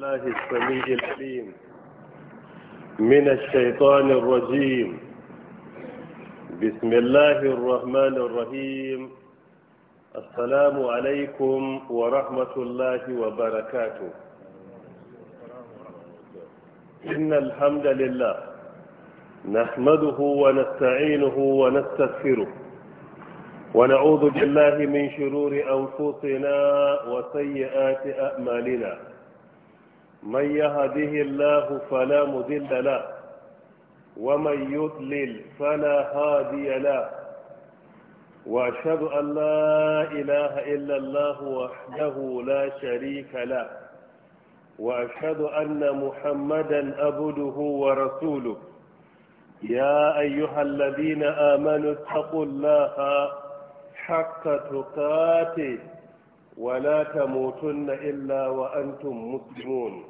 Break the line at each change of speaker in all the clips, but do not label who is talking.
الله السميع العليم من الشيطان الرجيم بسم الله الرحمن الرحيم السلام عليكم ورحمة الله وبركاته إن الحمد لله نحمده ونستعينه ونستغفره ونعوذ بالله من شرور أنفسنا وسيئات أعمالنا من يهده الله فلا مذل له ومن يضلل فلا هادي له وأشهد أن لا إله إلا الله وحده لا شريك له وأشهد أن محمدا أبده ورسوله يا أيها الذين آمنوا اتقوا الله حق تقاته ولا تموتن إلا وأنتم مسلمون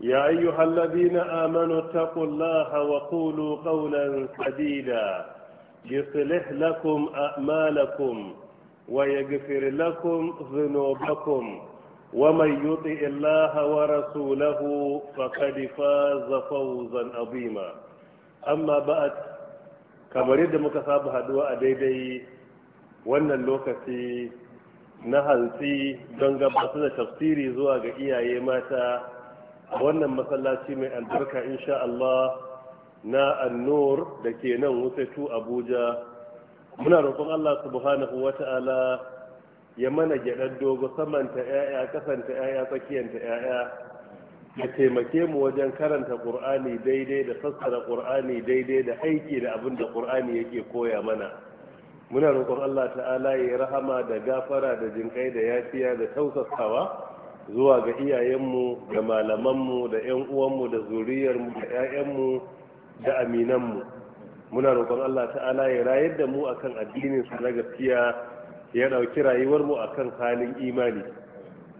يا أيها الذين آمنوا اتقوا الله وقولوا قولا سديدا يصلح لكم أعمالكم ويغفر لكم ذنوبكم ومن يطع الله ورسوله فقد فاز فوزا عظيما أما بعد kamar yadda muka saba haduwa a daidai wannan lokaci na hantsi don gabatar da tafsiri zuwa ga iyaye mata wannan masallaci mai albarka insha Allah na annur da ke nan wutattu abuja muna roƙon Allah subhanahu wa ta'ala ya mana gyaɗar dogo samanta 'ya'ya kasanta 'ya'ya tsakiyanta 'ya'ya ya taimake mu wajen karanta ƙur'ani daidai da sassara ƙur'ani daidai da aiki da abin da ƙur'ani yake koya mana muna roƙon Allah ta'ala ya rahama da gafara da jinƙai da yafiya da tausasawa zuwa ga iyayenmu da malamanmu da 'yan uwanmu da zuriyarmu da 'ya'yanmu da aminanmu muna roƙon Allah ta'ala ya rayar da mu akan addinin su na gaskiya ya ɗauki rayuwar mu akan halin imani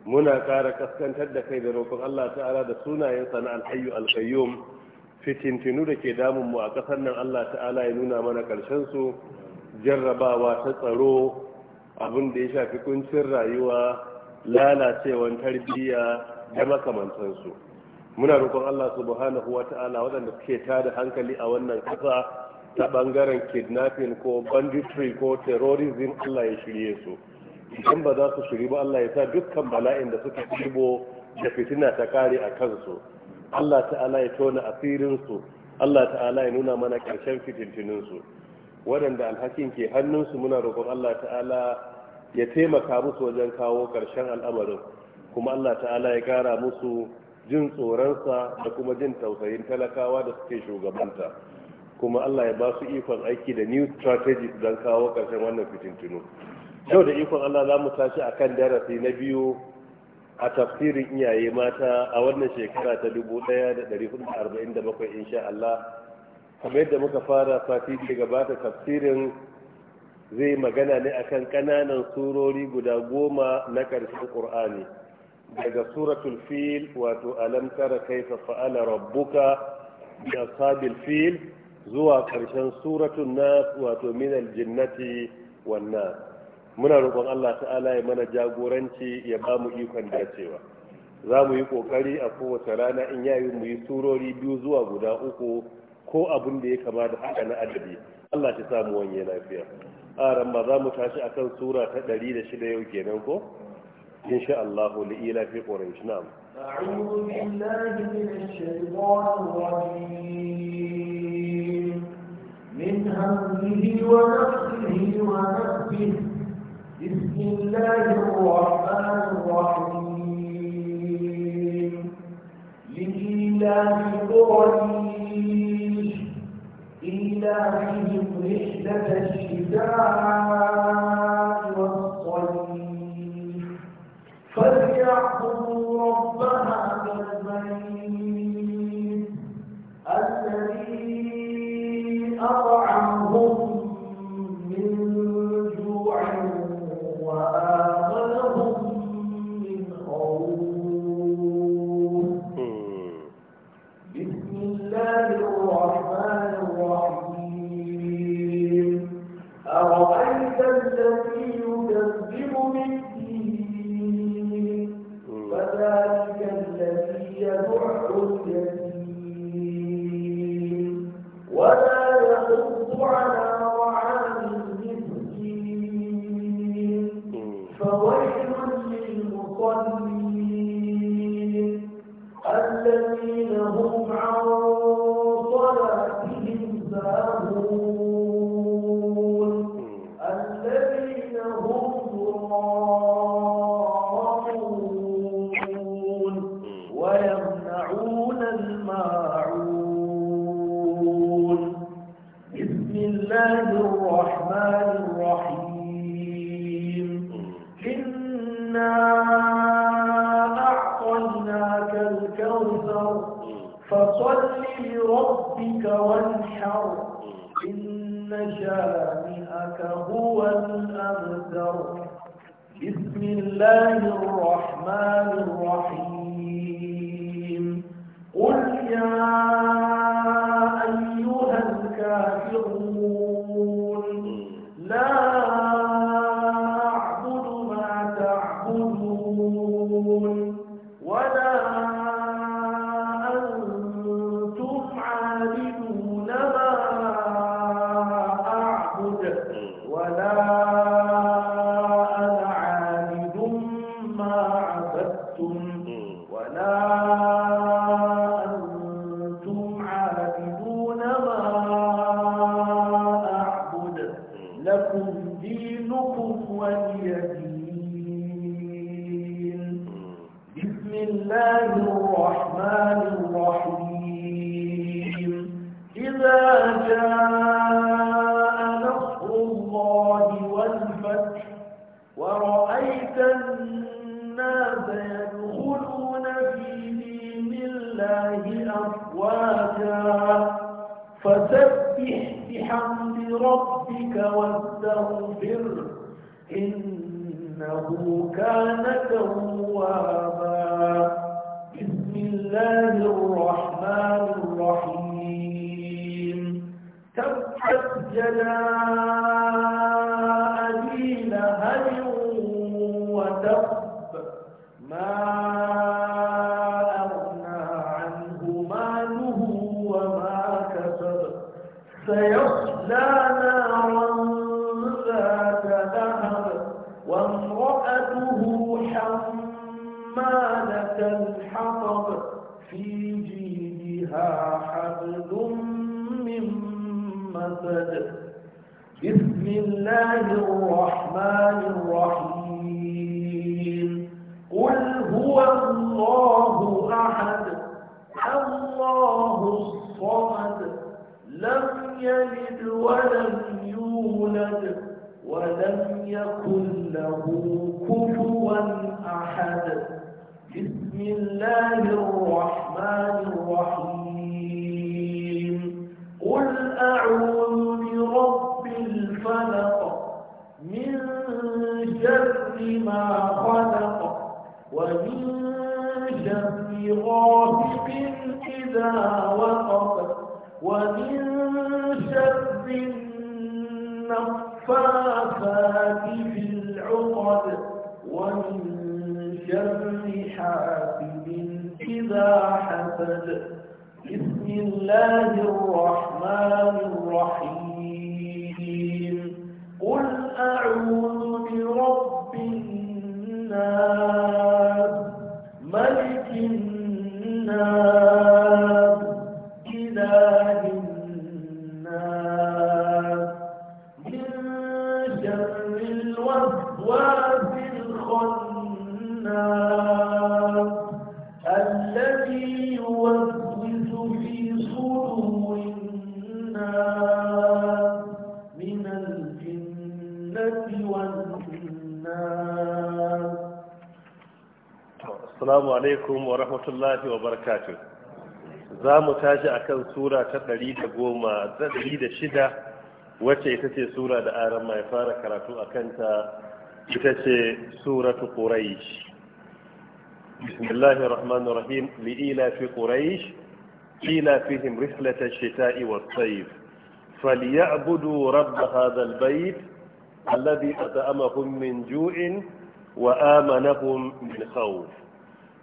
muna ƙara kaskantar da kai da roƙon Allah ta'ala da sunayensa na alhayu alkayyum fitintinu da ke damunmu a ƙasar nan Allah ta'ala ya nuna mana ƙarshen su jarrabawa ta tsaro abin da ya shafi kuncin rayuwa lalacewan tarbiyya da makamantansu muna roƙon Allah subhanahu wa ta'ala waɗanda suke tada hankali a wannan ƙasa ta ɓangaren kidnapping ko banditry ko terrorism Allah ya shirye su idan ba za su shiri ba Allah ya sa dukkan bala'in da suka shigo da fitina ta kare a kansu Allah ta'ala ya tona asirinsu Allah ta'ala ya nuna mana ƙarshen su waɗanda alhakin ke hannunsu muna roƙon Allah ta'ala ya taimaka musu wajen kawo ƙarshen al'amarin kuma Allah ta'ala ya ƙara musu jin tsoronsa da kuma jin tausayin talakawa da suke shugabanta kuma Allah ya ba su ikon aiki da new strategies don kawo ƙarshen wannan fitintunu yau da ikon Allah za mu tashi a kan darasi na biyu a tafsirin iyaye mata a wannan shekara ta 1447 insha Allah kamar yadda muka fara sati gabata tafsirin zai magana ne akan ƙananan surori guda goma na ƙarshen ƙur'ani daga suratul fil wato alam tara kaifa fa'ala rabbuka bi fil zuwa ƙarshen suratul nas wato min Jinnati, wanna. muna roƙon Allah ta'ala ya mana jagoranci ya ba mu ikon dacewa za mu yi ƙoƙari a kowace rana in yayin mu yi surori biyu zuwa guda uku ko abin da ya kama da haka na adabi Allah ta samu wanye lafiya aran ba za mu tashi kan sura ta 106 yau kenan ko insha Allah li ila fi quraish na'am
a'udhu billahi minash shaitanir rajim min hamdihi wa nafsihi wa إلههم رحلة الشتاء والصيف أطعمهم الرحمن الرحيم تبت جلاء أبي لهل وتبحث الناس
alaikum wa rahmatullahi wa الناس za mu tashi a kan sura ta ɗari da goma ɗari da shida wacce ita ce sura da aran mai fara karatu a kanta ita ce suratu quraish بسم الله الرحمن الرحيم لإيلاف قريش إيلافهم رحلة الشتاء والصيف فليعبدوا رب هذا البيت الذي أطعمهم من جوع وآمنهم من خوف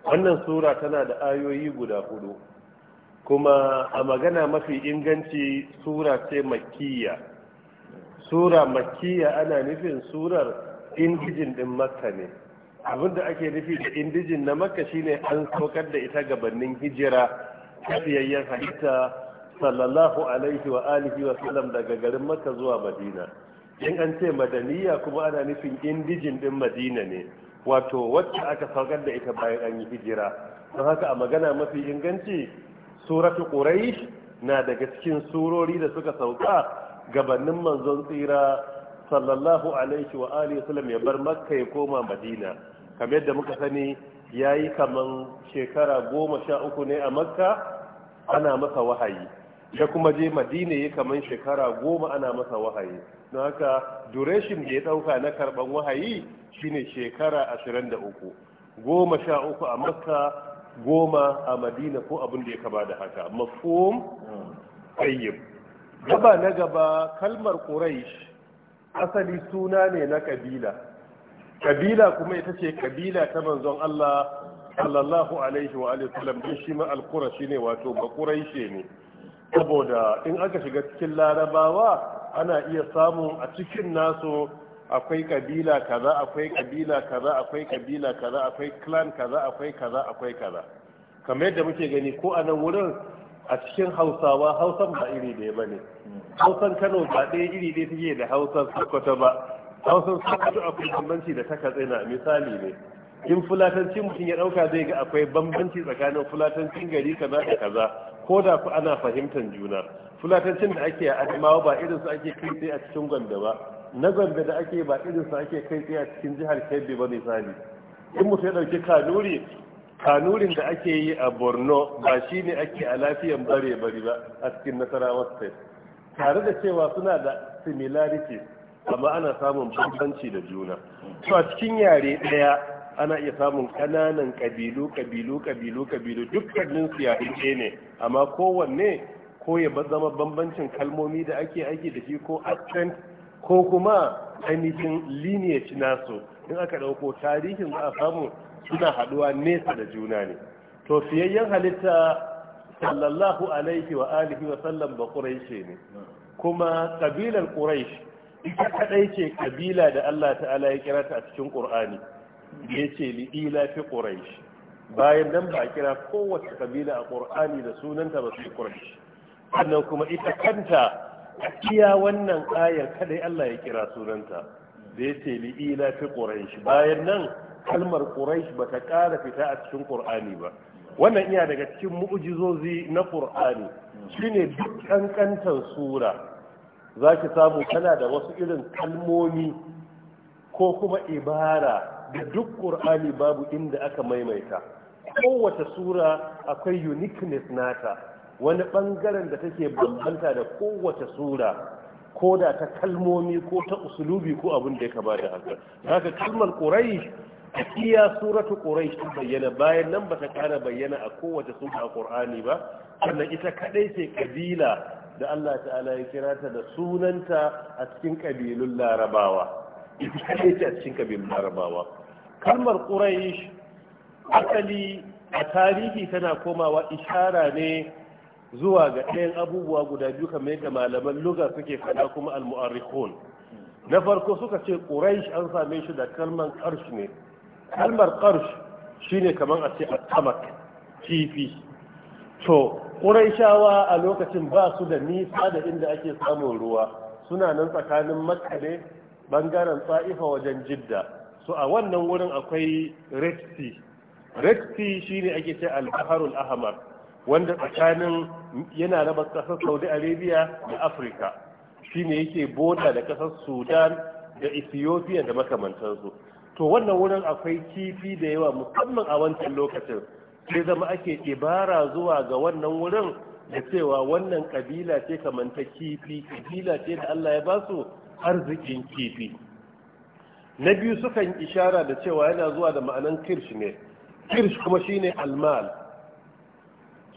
wannan sura tana da ayoyi guda hudu kuma a magana mafi inganci sura ce makkiya sura makkiya ana nufin surar indijin ɗin makka ne abin da ake nufi da indijin na makka shine an saukar da ita gabanin hijira ta halitta sallallahu alaihi wa alihi wa sallam daga garin makka zuwa madina in an ce madaniya kuma ana nufin indijin din madina ne wato wacce aka saukar da ita bayan an yi hijira don haka a magana mafi inganci suratu quraish na daga cikin surori da suka sauka gabanin manzon tsira sallallahu alaihi wa alihi wasallam ya bar makka ya koma madina kamar yadda muka sani ya yi kaman shekara goma sha uku ne a makka ana masa wahayi ya kuma je madina ya kaman shekara goma ana masa wahayi don haka duration da ya ɗauka na karɓan wahayi shine shekara ashirin da uku goma sha uku a makka goma a madina ko abin da ya kama da haka mafum ayyub gaba na gaba kalmar quraish asali suna ne na kabila kabila kuma ita ce kabila ta manzon Allah sallallahu alaihi wa alihi wasallam din shi ma al-qurashi ne wato bakuraishe ne saboda in aka shiga cikin larabawa ana iya samun a cikin nasu akwai kabila kaza akwai kabila kaza akwai kabila kaza akwai clan kaza akwai kaza akwai kaza kamar yadda muke gani ko a nan wurin a cikin hausawa hausan ba iri ɗaya ba ne hausan kano ba ɗaya iri ɗaya take da hausan sokoto ba hausan sakwato akwai bambanci da ta na misali ne in fulatancin mutum ya ɗauka zai ga akwai bambanci tsakanin fulatancin gari kaza da kaza ko da ku ana fahimtar juna fulatancin da ake a adamawa ba irin su ake kai tsaye a cikin gwanda ba na gwanda da ake ba irin su ake kai tsaye a cikin jihar kebbi ba misali in mutum ya ɗauki kanuri kanurin da ake yi a borno ba shi ne ake a lafiyan bare bari ba a cikin nasarawa state tare da cewa suna da similarities amma ana samun bambanci da juna to a cikin yare ɗaya ana iya samun ƙananan ƙabilu ƙabilu ƙabilu ƙabilu dukkanin su yare ne amma kowanne ko ya zama bambancin kalmomi da ake aiki da shi ko accent ko kuma ainihin lineage nasu in aka ɗauko tarihin za a samu suna haɗuwa nesa da juna ne to fiyayyen halitta sallallahu alaihi wa alihi wa sallam ba quraish ne kuma kabilar quraish ita kadai ce kabila da Allah ta'ala ya kira ta a cikin Qur'ani ya ce li fi quraish bayan nan ba kira kowace kabila a Qur'ani da sunanta ba su quraish sannan kuma ita kanta a wannan ayar kadai Allah ya kira sunanta da ya ce li fi quraish bayan nan kalmar quraish ba ta kara fita a cikin Qur'ani ba wannan iya daga cikin mu'jizozi na Qur'ani shine duk ƙanƙantar sura za ki samu tana da wasu irin kalmomi ko kuma ibara da duk ƙur'ani babu inda aka maimaita kowace sura akwai uniqueness nata wani ɓangaren da take bambanta da kowace sura ko da ta kalmomi ko ta usulubi ko abin da ya kama da haka haka kalmar ƙuraish iya suratu ƙuraish ta bayyana bayan nan ba ta ƙara bayyana a kowace sura a ƙur'ani ba sannan ita kaɗai ce kabila. da Allah ta'ala ya kira ta da sunanta a cikin ƙabilun larabawa ita ce a cikin ƙabilun larabawa kalmar ƙuraish asali a tarihi tana komawa ishara ne zuwa ga ɗayan abubuwa guda biyu kamar yadda malaman luga suke faɗa kuma al-mu'arrikhun na farko suka ce ƙuraish an same shi da kalmar qarsh ne kalmar qarsh shine kamar a ce a kifi to ƙuraishawa a lokacin ba su da nisa da inda ake samun ruwa suna nan tsakanin makale ɓangaren tsa'ifa wajen jidda su a wannan wurin akwai red sea shi ne shine ake ce al-baharul wanda tsakanin yana raba ƙasar saudi arabia da afirka shine yake boda da ƙasar sudan da ethiopia da makamantansu to wannan wurin akwai kifi da yawa musamman a wancan lokacin sai zama ake ibara zuwa ga wannan wurin da cewa wannan kabila ce kamar ta kifi kabila ce da Allah ya ba su arzikin kifi na biyu sukan ishara da cewa yana zuwa da ma'anan kirsh ne kirsh kuma shine almal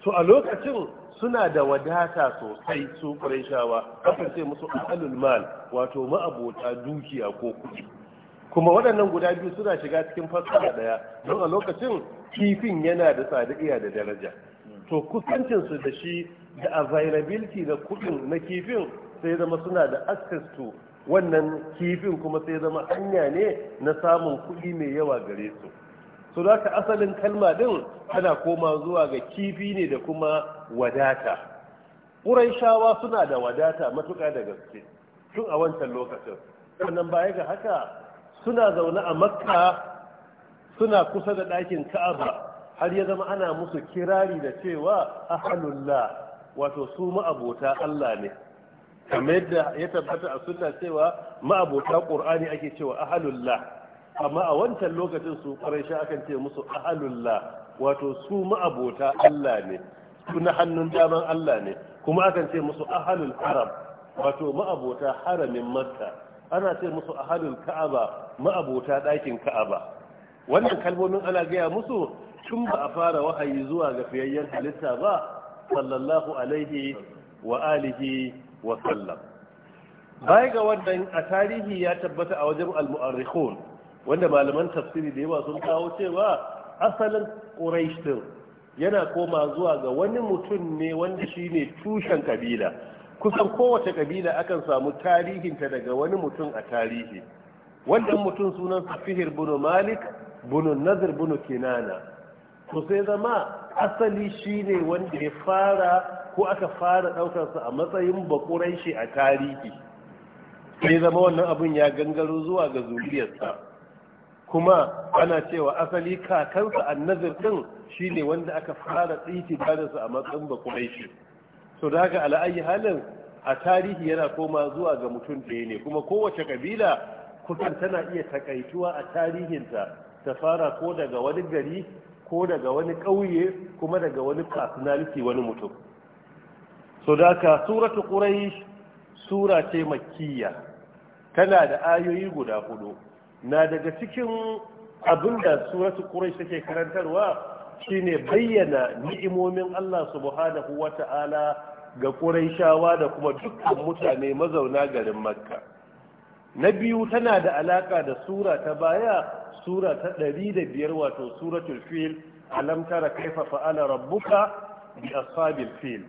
su a lokacin suna da wadata sosai su shawa, kafin sai musu al'ulmal wato ma'abota dukiya ko kuɗi kuma waɗannan guda biyu suna shiga cikin fassara ɗaya don a lokacin kifin yana da sadiya da daraja to kusancinsu da shi da availability na kuɗin na kifin sai zama suna da access to wannan kifin kuma sai zama hanya ne na samun kuɗi mai yawa gare su so da ka asalin kalma ɗin tana koma zuwa ga kifi ne da kuma wadata ƙuraishawa suna da wadata matuƙa da gaske tun a wancan lokacin sannan baya ga haka suna zaune a makka suna kusa da ɗakin ka'aba har ya zama ana musu kirari da cewa ahalullah wato su ma'abota Allah ne kamar yadda ya tabbata a suna cewa ma'abota qur'ani ake cewa ahalullah amma a wancan lokacin su ƙarshe akan ce musu ahalullah wato su ma'abota Allah ne su na hannun daman Allah ne kuma akan ce musu ahalul haram wato ma'abota haramin makka ana ce musu ahalul ka'aba ma'abota ɗakin ka'aba wannan kalmomin ana gaya musu tun ba a fara wahayi zuwa ga fiyayyen halitta ba sallallahu alaihi wa alihi wa sallam bai ga wannan a tarihi ya tabbata a wajen al-mu'arrikhun wanda malaman tafsiri da yawa sun kawo cewa asalin quraish yana koma zuwa ga wani mutum ne wanda shine tushen kabila kusan kowace kabila akan samu tarihinta daga wani mutum a tarihi wannan mutum sunan Fihir bunu malik bunu nazir bunu kinana to sai zama asali shine wanda ya fara ko aka fara ɗaukarsa a matsayin bakurai shi a tarihi sai zama wannan abun ya gangaro zuwa ga zuriyarsa kuma ana cewa asali kakansa annazir din shine wanda aka fara tsiti barinsa a matsayin bakurai shi to da haka ala'ayi halin a tarihi yana koma zuwa ga mutum ɗaya ne kuma kowace ƙabila kusan tana iya takaituwa a tarihinta ta fara ko daga wani gari ko daga wani ƙauye kuma daga wani personality wani mutum so da ka suratu ƙurai sura ce makiyya tana da ayoyi guda hudu na daga cikin abin da suratu ƙurai take karantarwa shine bayyana ni'imomin Allah subhanahu wata'ala ga ƙuraishawa da kuma dukkan mutane mazauna garin makka na biyu tana da alaka da sura ta baya sura ta ɗari da biyar wato suratul fil alam tara kaifa fa'ala rabbuka bi ashabil fil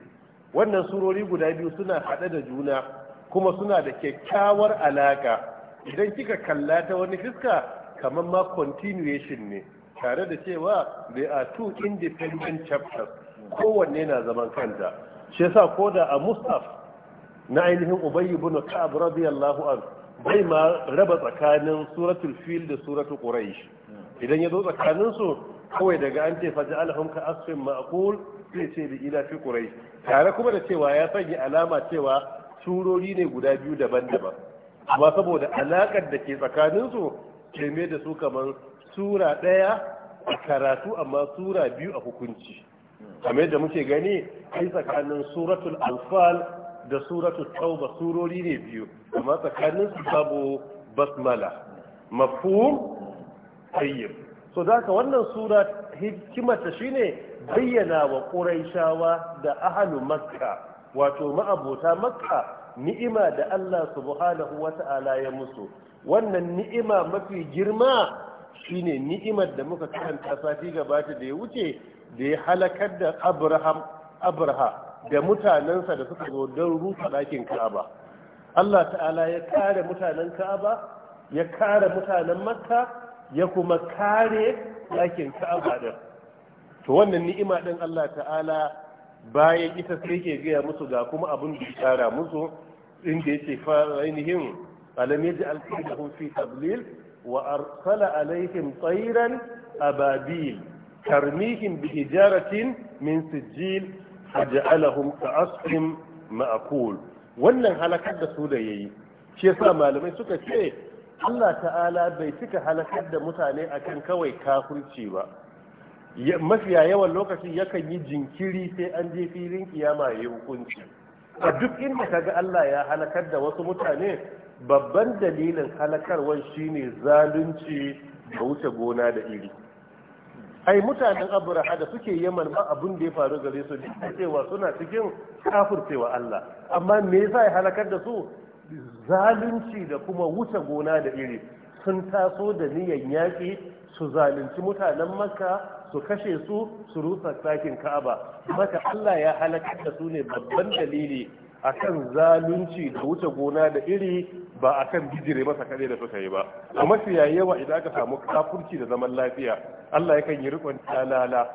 wannan surori guda biyu suna haɗe da juna kuma suna da kyakkyawar alaka idan kika kalla ta wani fiska kamar ma continuation ne tare da cewa they are two independent chapters kowanne na zaman kanta shi yasa ko da a musaf na ainihin ubayy ibn ka'ab radiyallahu an bai ma raba tsakanin suratul fil da suratul quraish idan ya zo tsakanin su kawai daga an ce faja alhum ka asfin ma'qul sai ce bi ila fi quraish tare kuma da cewa ya sanya alama cewa surori ne guda biyu daban-daban amma saboda alakar da ke tsakanin su keme da su kamar sura ɗaya a karatu amma sura biyu a hukunci kamar da muke gani ai tsakanin suratul anfal da suratul tauba surori ne biyu amma tsakanin su babu basmala mafhum tayyib so da wannan sura hikimata shine bayyana wa quraishawa da ahlu makka wato ma'abota makka ni'ima da Allah subhanahu wata'ala ya musu wannan ni'ima mafi girma shine ni'imar da muka karanta sati gabata da ya wuce da ya halakar da Abraham abraha da mutanensa da suka zo don rusa ɗakin ka'aba Allah ta'ala ya kare mutanen ka'aba ya kare mutanen makka ya kuma kare ɗakin ka'aba ɗin to wannan ni'ima ɗin Allah ta'ala bayan ita sai ke gaya musu ga kuma abin da ya kara musu inda ya ce ainihin alam yaji alkaidahum fi tablil wa arsala alaihim tsairan ababil tarmihim bi hijaratin min sijil faj'alahum ka'asfin ma'kul wannan halakar da su da yayi shi yasa malamai suka ce Allah ta'ala bai cika halakar da mutane akan kawai kafirci ba mafiya yawan lokaci yakan yi jinkiri sai an je filin kiyama ya hukunci a duk inda ka ga Allah ya halakar da wasu mutane babban dalilin halakarwar shine zalunci da wuce gona da iri ai mutanen abraha da suke yaman ba abun da ya faru gare su duk cewa suna cikin kafurcewa Allah amma me yasa ya halakar da su zalunci da kuma wuce gona da iri sun taso da niyan yaƙi su zalunci mutanen makka su kashe su su rusa sakin ka'aba maka Allah ya halakar da su ne babban dalili akan zalunci da wuce gona da iri ba a kan gijire masa kaɗai da suka yi ba a mafiya yawa idan aka samu kafurci da zaman lafiya Allah ya kan yi rikon talala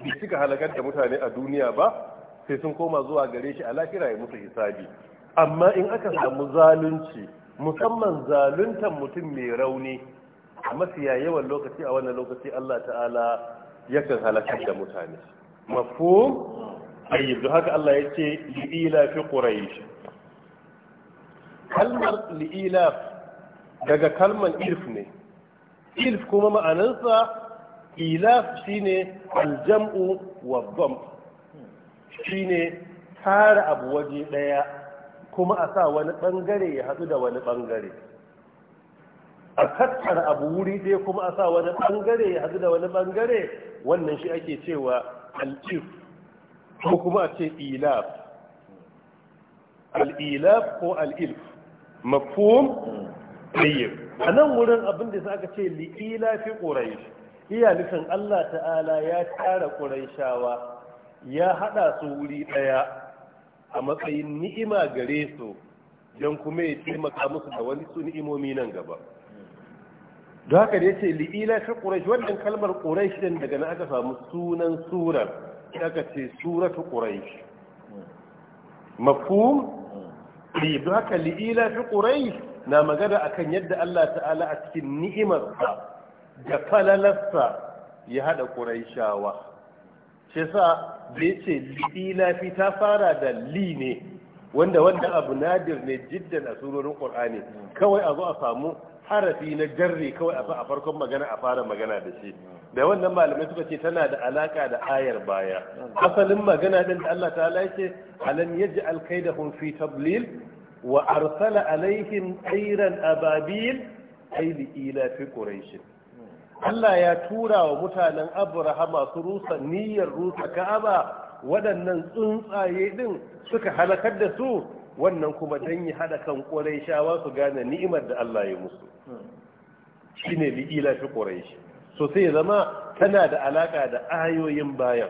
bai cika halakar da mutane a duniya ba sai sun koma zuwa gare shi a lafira ya musu hisabi amma in aka samu zalunci musamman zaluntan mutum mai rauni a mafiya yawan lokaci a wannan lokaci Allah ta'ala Ya kan halakar da mutane mafhum haka Allah ya ce li fi kalmar li'ilaf daga kalmar ilf ne ilf kuma ma'anarsa ilaf shine aljam'u wa dam shine tara abu waje daya kuma a sa wani bangare ya hadu da wani bangare a tattara abu wuri ɗaya kuma a sa wani bangare ya hadu da wani bangare wannan shi ake cewa al'if ko kuma a ce ilaf al'ilaf ko al'ilf mafhum tayyib a nan wurin abin da aka ce liƙila fi quraish iya nufin Allah ta'ala ya tara quraishawa ya hada su wuri daya a matsayin ni'ima gare su don kuma ya taimaka musu da wani su ni'imomi nan gaba da haka da ya ce li'ila fi quraish wannan kalmar quraish din daga nan aka samu sunan surar aka ce suratu quraish mafhum taklif don haka li'ila fi na magana akan yadda Allah ta'ala a cikin ni'imarsa da falalarsa ya hada quraishawa shi sa da ce li'ila fi ta fara da li ne wanda wanda abu nadir ne jiddan a surorin ƙur'ani kawai a zo a samu harafi na jarri kawai a farkon magana a fara magana da shi da wannan malamai suka ce tana da alaka da ayar baya asalin magana din da Allah Ta yake alam yaji alkaidahum fi tablil wa arsala alaihim ayran ababil li ila fi quraish Allah ya tura wa mutanen Abrahama su rusa niyyar rusa Ka'aba waɗannan tsuntsaye din suka halakar da su wannan kuma dan yi hada kan quraishawa su gane ni'imar da Allah ya musu shine li ila fi quraish so sai zama tana da alaka da ayoyin bayan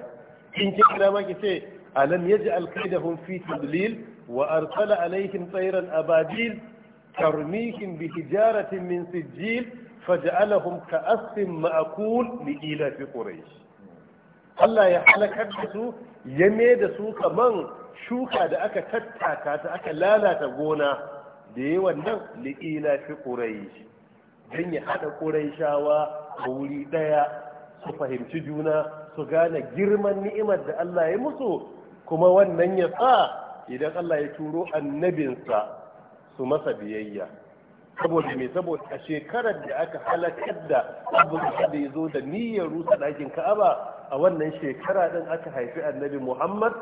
in ki kira maki ce alam yaj'al kaidahum fi tadlil wa arsala alaihim tseren ababil tarmihim bi hijaratin min sijil faj'alahum ka ma'kul ma'akul ila fi quraish Allah ya halakar da su ya da su kaman shuka da aka tattaka ta aka lalata gona da yi wannan liƙila fi ƙuraish don ya haɗa ƙuraishawa a wuri ɗaya su fahimci juna su gane girman ni'imar da Allah ya musu kuma wannan ya sa idan Allah ya turo annabinsa su masa biyayya saboda me saboda a shekarar da aka halakar da abin da ya zo da niyyar rusa ɗakin ka'aba a wannan shekara ɗin aka haifi annabi muhammad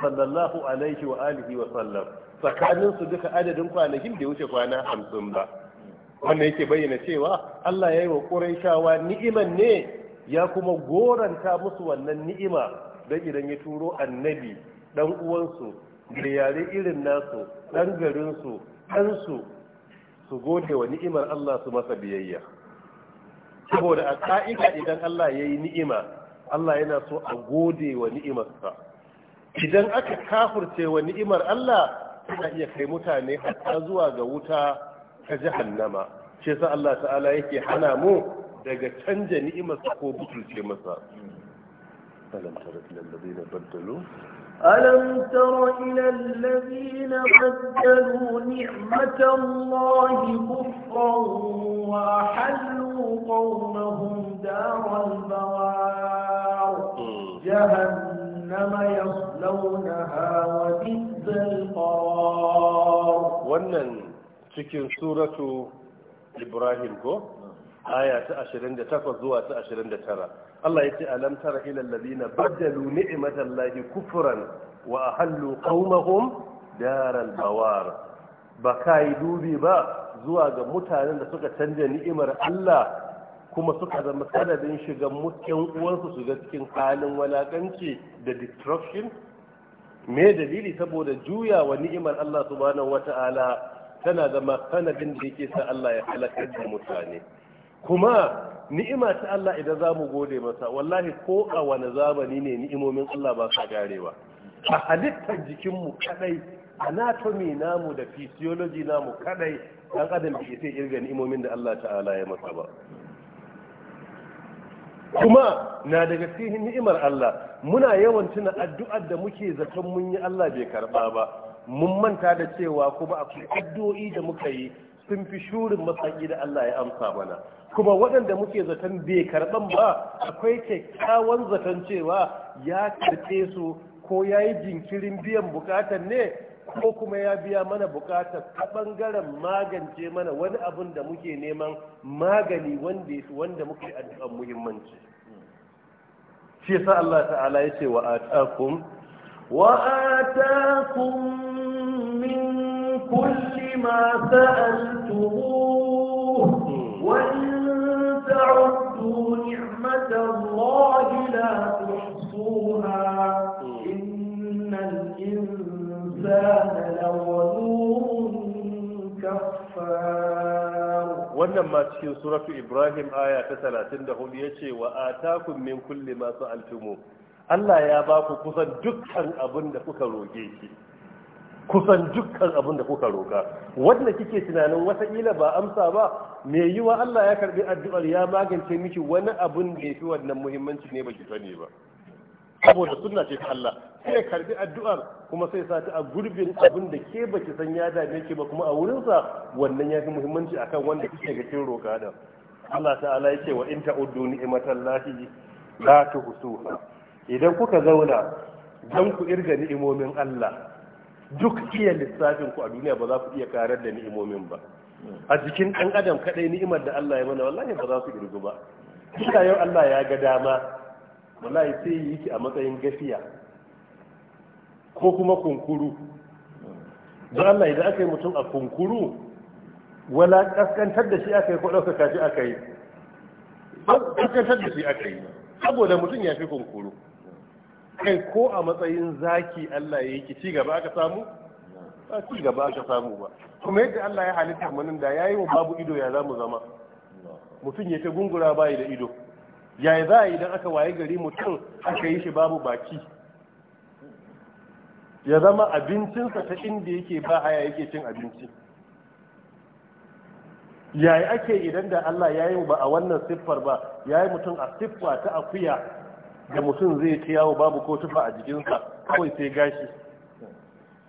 sallallahu alaihi wa alihi wa sallam tsakanin su duka adadin kwanakin da wuce kwana hamsin ba wannan yake bayyana cewa Allah ya yi wa Qurayshawa ni'iman ne ya kuma goranta musu wannan ni'ima don idan ya turo annabi dan uwansu da yare irin nasu dan garinsu ɗansu su gode wa ni'imar Allah su masa biyayya saboda a ka'ida idan Allah ya yi ni'ima Allah yana so a gode wa ni'imarsa idan aka kafurce wa ni'imar Allah suna iya kai mutane hatta zuwa ga wuta ta jahannama shi yasa Allah ta'ala yake hana mu daga canja su ko butulce masa ألم تر إلى الذين بدلوا ألم
تر إلى الذين بدلوا نعمة الله كفرا وأحلوا قومهم دار البوار جهنم جهنم يصلونها وبئس القرار
wannan cikin suratu Ibrahim ko aya ta 28 zuwa ta 29 Allah yace alam tara ila alladhina badalu ni'matallahi kufran wa ahallu qaumahum daral bawar ba kai dubi ba zuwa ga mutanen da suka canza ni'imar Allah kuma suka zama sanadin shiga mutum uwansu su ga cikin halin walakanci da destruction me dalili saboda juya wa ni'imar Allah subhanahu wata'ala tana zama sanadin da yake sa Allah ya halakar da mutane kuma ni'ima ta Allah idan za mu gode masa wallahi ko a wani zamani ne ni'imomin Allah ba sa garewa a halittar jikinmu kadai anatomy namu da physiology namu kadai dan adam bai sai irga ni'imomin da Allah ta'ala ya masa ba kuma na daga cikin ni'imar Allah muna yawan tuna addu'ar da muke zaton mun yi Allah bai karba ba mun manta da cewa kuma akwai addu'o'i da muka yi sun fi shurin matsayi da Allah ya amsa mana kuma waɗanda muke zaton bai karɓan ba akwai kyakkyawan zaton cewa ya karɓe su ko ya yi jinkirin biyan bukatar ne ko kuma ya biya mana bukatar ta bangaren magance mana wani abun da muke neman magani wanda ya wanda muke addu'an muhimmanci shi yasa Allah ta'ala yace wa atakum wa
atakum min kulli ma sa'altumuhu wa in ta'uddu ni'matallahi la tuhsuha wannan
ma cikin suratu Ibrahim aya ta 34 yace wa atakum min kulli ma sa'altumu Allah ya ba ku kusan dukkan abin da kuka roge shi kusan dukkan abin da kuka roka wanda kike tunanin wataƙila ba amsa ba me yiwa Allah ya karbi addu'ar ya magance miki wani abin da yafi wannan muhimmanci ne ba baki sani ba saboda sunna ce ta Allah sai ya karbi addu'ar kuma sai sa ta a gurbin abin da ke baki san ya dame ke ba kuma a wurinsa wannan ya fi muhimmanci akan wanda kike ga kin roka da Allah ta'ala yake wa in ta'uddu ni'matallahi la tuhsuha idan kuka zauna dan ku irga ni'imomin Allah duk iya lissafin ku a duniya ba za ku iya karar da ni'imomin ba a jikin ɗan adam kaɗai ni'imar da Allah ya mana wallahi ba za su irgu ba kika yau Allah ya ga dama wallahi sai yi shi a matsayin gafiya ko kuma kunkuru don Allah idan aka yi mutum a kunkuru wala kaskantar da shi aka yi ko ɗaukaka shi aka yi kaskantar da shi aka yi saboda mutum ya fi kunkuru kai ko a matsayin zaki Allah ya yi ki ci gaba aka samu ba ci gaba aka samu ba kuma yadda Allah ya halitta manin da yayi wa babu ido ya zamu zama mutum ya ta gungura bai da ido ya za a yi idan aka waye gari mutum aka yi shi babu baki ya zama abincinsa ta inda yake ba haya yake cin abinci yayi ake idan da Allah ya yi ba a wannan siffar ba ya yi mutum a siffa ta akuya da mutum zai ci yawo babu ko tufa a jikinsa kawai sai gashi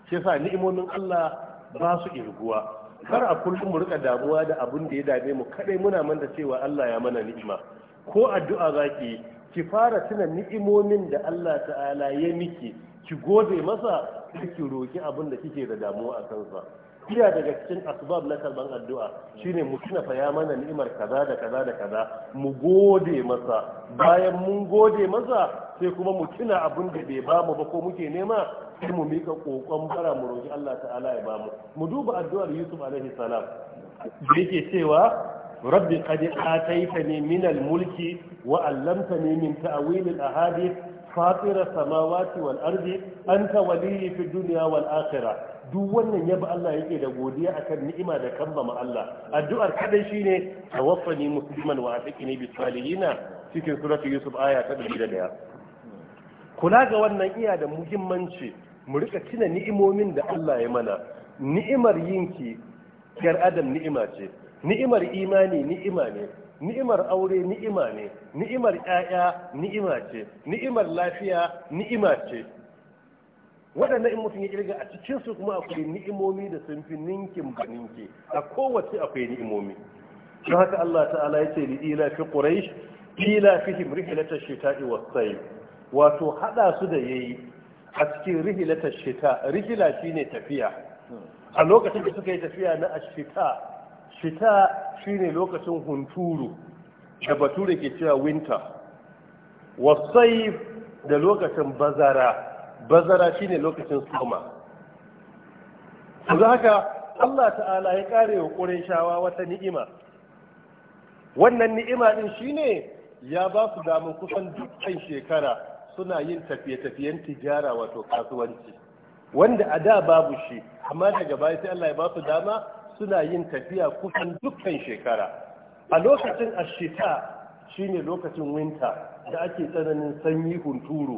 shi yasa ni'imomin Allah ba su irguwa kar a kullum mu rika damuwa da abin da ya dame mu kadai muna manta cewa Allah ya mana ni'ima ko addu'a za ki ki fara tuna ni'imomin da Allah ta'ala ya miki ki gode masa ki roki abin da kike da damuwa a kansa iya daga cikin asbab na kalban addu'a shine mu tuna fa mana ni'imar kaza da kaza da kaza mu gode masa bayan mun gode masa sai kuma mu cina abin da bai bamu ba ko muke nema sai mu mika kokon bara mu roki Allah ta'ala ya bamu mu duba addu'ar Yusuf alaihi salam da yake cewa rabbi qad ataitani min al-mulki wa 'allamtani min ta'wil al-ahadith fatir samawati wal ardi anta waliyyi fi dunya wal akhirah duk wannan yaba Allah yake da godiya akan ni'ima da kamba ma Allah addu'ar kadai shine tawaffani musliman wa atqini bis salihina cikin suratul yusuf aya ta 101 kula ga wannan iya da muhimmanci mu rika tuna ni'imomin da Allah ya mana ni'imar yinki yar adam ni'ima ce ni'imar imani ni'ima ne ni'imar aure ni'ima ne ni'imar ƴaƴa ni'ima ce ni'imar lafiya ni'ima ce waɗannan in mutum ya ƙirga a cikin su kuma akwai ni'imomi da sun fi ninkin ba ninki a kowace akwai ni'imomi don haka Allah ta'ala ya ce li ila fi quraish ila fihim rihlata shita'i was sayf wato hada su da yayi a cikin rihlata shita rihila shine tafiya a lokacin da suka yi tafiya na ashita shita ne lokacin hunturu da bature ke cewa winter wasai da lokacin bazara bazara shi ne lokacin soma haka Allah ta'ala ya kare wa shawa wata ni'ima wannan ni'ima din ne ya ba su damun kusan dukkan shekara suna yin tafiye-tafiyen tijara wato kasuwanci wanda a da babu shi amma daga baya sai Allah ya ba su dama suna yin tafiya kusan dukkan shekara a lokacin ashita shine lokacin winta da ake tsananin sanyi hunturu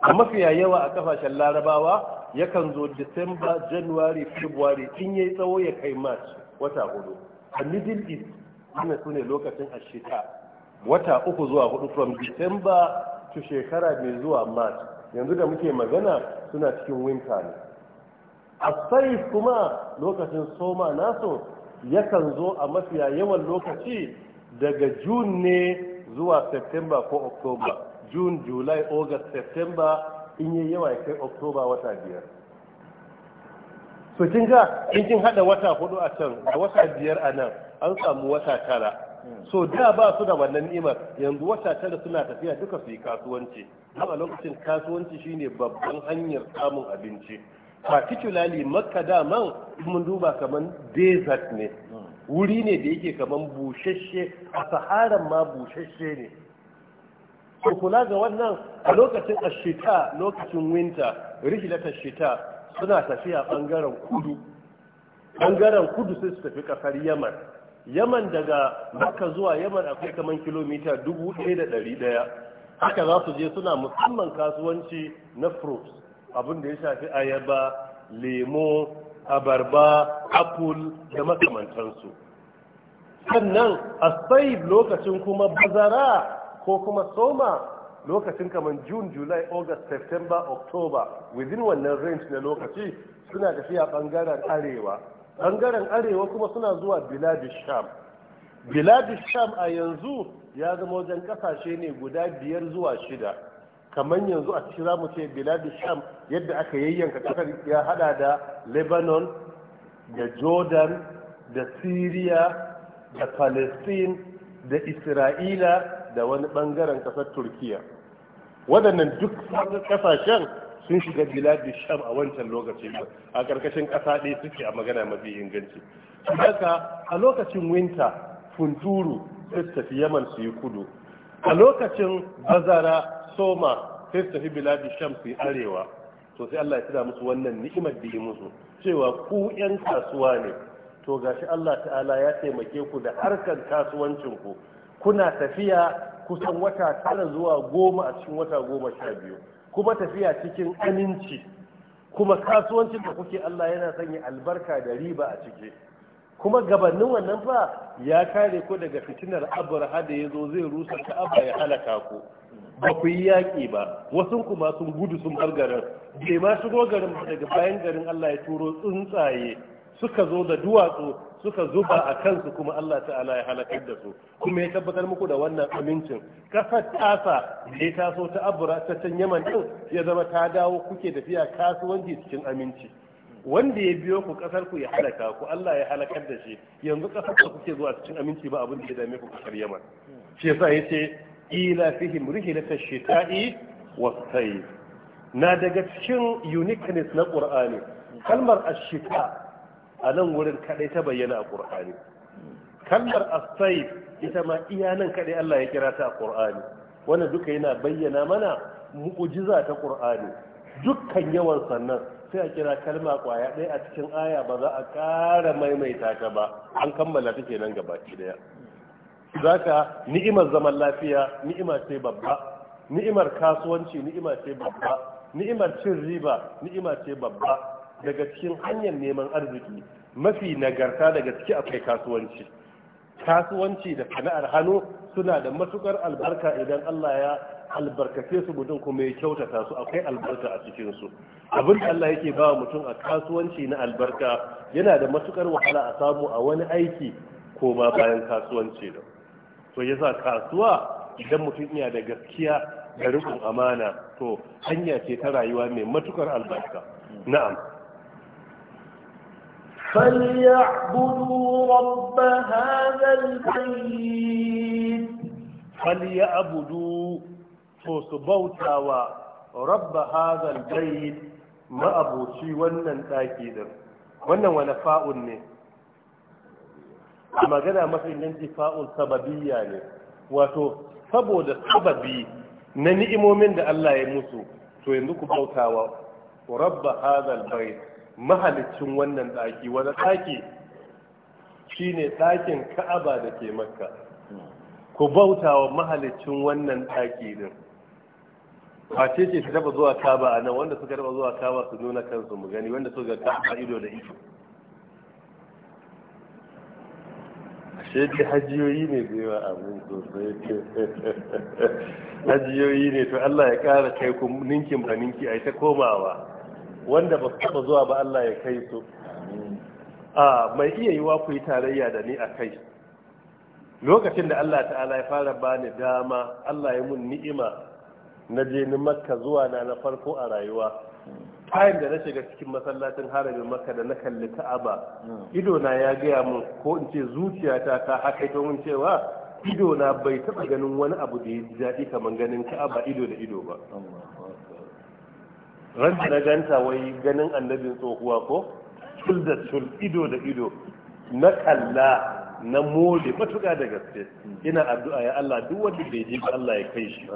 a mafiya yawa a kafashen larabawa yakan zo disamba january february in yayi tsawo ya kai march wata hudu a middle east ana su ne lokacin ashita wata uku zuwa hudu from december to shekara mai zuwa march yanzu da muke magana suna cikin winter ne asai kuma lokacin soma nasu yakan zo a mafiya yawan lokaci daga june ne zuwa september ko october june july august september in yi yawa ya kai october wata biyar kin ga in kin hada wata hudu a can da wata biyar a nan an samu wata tara so da ba su da wannan ni'imar yanzu wata tara suna tafiya duka su yi kasuwanci a lokacin kasuwanci shine babban hanyar samun abinci particularly makka daman mun duba kaman desert ne wuri ne da yake kaman bushashe a saharan ma bushashe ne ko kula ga wannan a lokacin ashita lokacin winter rihlata shita suna tafiya bangaren kudu bangaren kudu sai su tafi kasar yaman yaman daga makka zuwa yaman akwai kaman kilomita dubu ɗaya ɗari ɗaya haka za su je suna musamman kasuwanci na fruits abin da ya shafi ayaba lemo abarba apple da makamantansu sannan a sai lokacin kuma bazara ko kuma soma lokacin kamar june july august september october within wannan range na lokaci suna tafiya bangaren arewa bangaren arewa kuma suna zuwa biladi sham biladi sham a yanzu ya zama wajen kasashe ne guda biyar zuwa shida kamar yanzu a cikin zamu ce biladi sham yadda aka yayyanka kasar ya hada da lebanon da jordan da syria da palestine da isra'ila da wani bangaren kasar turkiya waɗannan duk kasashen sun shiga biladi sham a wancan lokacin a ƙarƙashin ƙasa ɗaya suke a magana mafi inganci haka a lokacin winter funturu sai tafi yaman su yi kudu a lokacin bazara soma sai su tafi biladi sham su arewa to sai Allah ya tada musu wannan ni'imar da yi musu cewa ku yan kasuwa ne to gashi Allah ta'ala ya taimake ku da harkar kasuwancin ku kuna tafiya kusan wata tara zuwa goma a cikin wata goma sha biyu kuma tafiya cikin aminci kuma kasuwancin da kuke Allah yana sanya albarka da riba a ciki kuma gabanin wannan fa ya kare ko daga fitinar abraha da ya zo zai rusa ka'aba ya halaka ku ba ku yi yaƙi ba wasu kuma sun gudu sun bar garin bai ma shigo garin ba daga bayan garin Allah ya turo tsuntsaye suka zo da duwatsu suka zuba a kansu kuma Allah ta'ala ya halakar da su kuma ya tabbatar muku da wannan amincin kasar tasa da ya taso ta abura ta can yaman din ya zama ta dawo kuke tafiya kasuwanci cikin aminci wanda ya biyo ku kasar ku ya halaka ku Allah ya halakar da shi yanzu kasar ku kuke zuwa cikin aminci ba abin da ya dame ku kasar Yaman shi yasa yace ila fihim rihlata shita'i wa sayf na daga cikin uniqueness na Qur'ani kalmar ash-shita a nan wurin kadai ta bayyana a Qur'ani kalmar as ita ma iya nan kadai Allah ya kira ta a Qur'ani wannan duka yana bayyana mana mu'jiza ta Qur'ani dukkan yawan sannan sai a kira kalma kwaya ɗaya a cikin aya ba za a ƙara maimaita ta ba an kammala ta ke kenan gabaki daya ka ni'imar zaman lafiya ni'ima ce babba ni'imar kasuwanci ni'ima ce babba ni'imar cin riba ni'ima ce babba daga cikin hanyar neman arziki mafi nagarta daga ciki akwai kasuwanci kasuwanci da sana'ar hannu suna da matukar albarka idan Allah ya albarkace su mutum kuma ya kyautata su akwai albarka a cikin su abin da Allah yake ba mutum a kasuwanci na albarka yana da matukar wahala a samu a wani aiki ko ba bayan kasuwanci da to yasa kasuwa idan mutum yana da gaskiya da rikon amana to hanya ce ta rayuwa mai matukar albarka na'am
فليعبدوا رب هذا البيت
فليعبدوا to su bauta wa rabba hazal bayt ma'abuci wannan daki din wannan wani fa'un ne a magana mafi inganci fa'un sababiyya ne wato saboda sababi na ni'imomin da Allah ya musu to yanzu ku bauta wa rabba hazal bayt mahalicin wannan daki wani daki shine dakin Ka'aba da ke Makka ku bauta wa mahalicin wannan daki din Wace ce ce ta taba zuwa kaba a nan wanda suka taba zuwa kaba su nuna kansu mu gani wanda suka ga a ido da ido ashe dai hajiyoyi ne da yawa abin sosai hajiyoyi ne to Allah ya kara kai ku ninkin ba ninki a ta komawa wanda ba su taba zuwa ba Allah ya kai su a mai iya yi wa ku yi tarayya da ni a kai lokacin da Allah ta'ala ya fara bani dama Allah ya mun ni'ima na je ni makka zuwa na na farko a rayuwa tayin da na shiga cikin masallacin haramin makka da na kalli ka'aba idona ya gaya mun ko in ce zuciyata ta haka ita mun cewa idona bai taba ganin wani abu da ya ji daɗi kamar ganin ka'aba ido da ido ba ran da ganta wai ganin annabin tsohuwa ko shul da shul ido da ido na kalla na mole matuka da gaske ina addu'a ya Allah duk wanda bai je ba Allah ya kai shi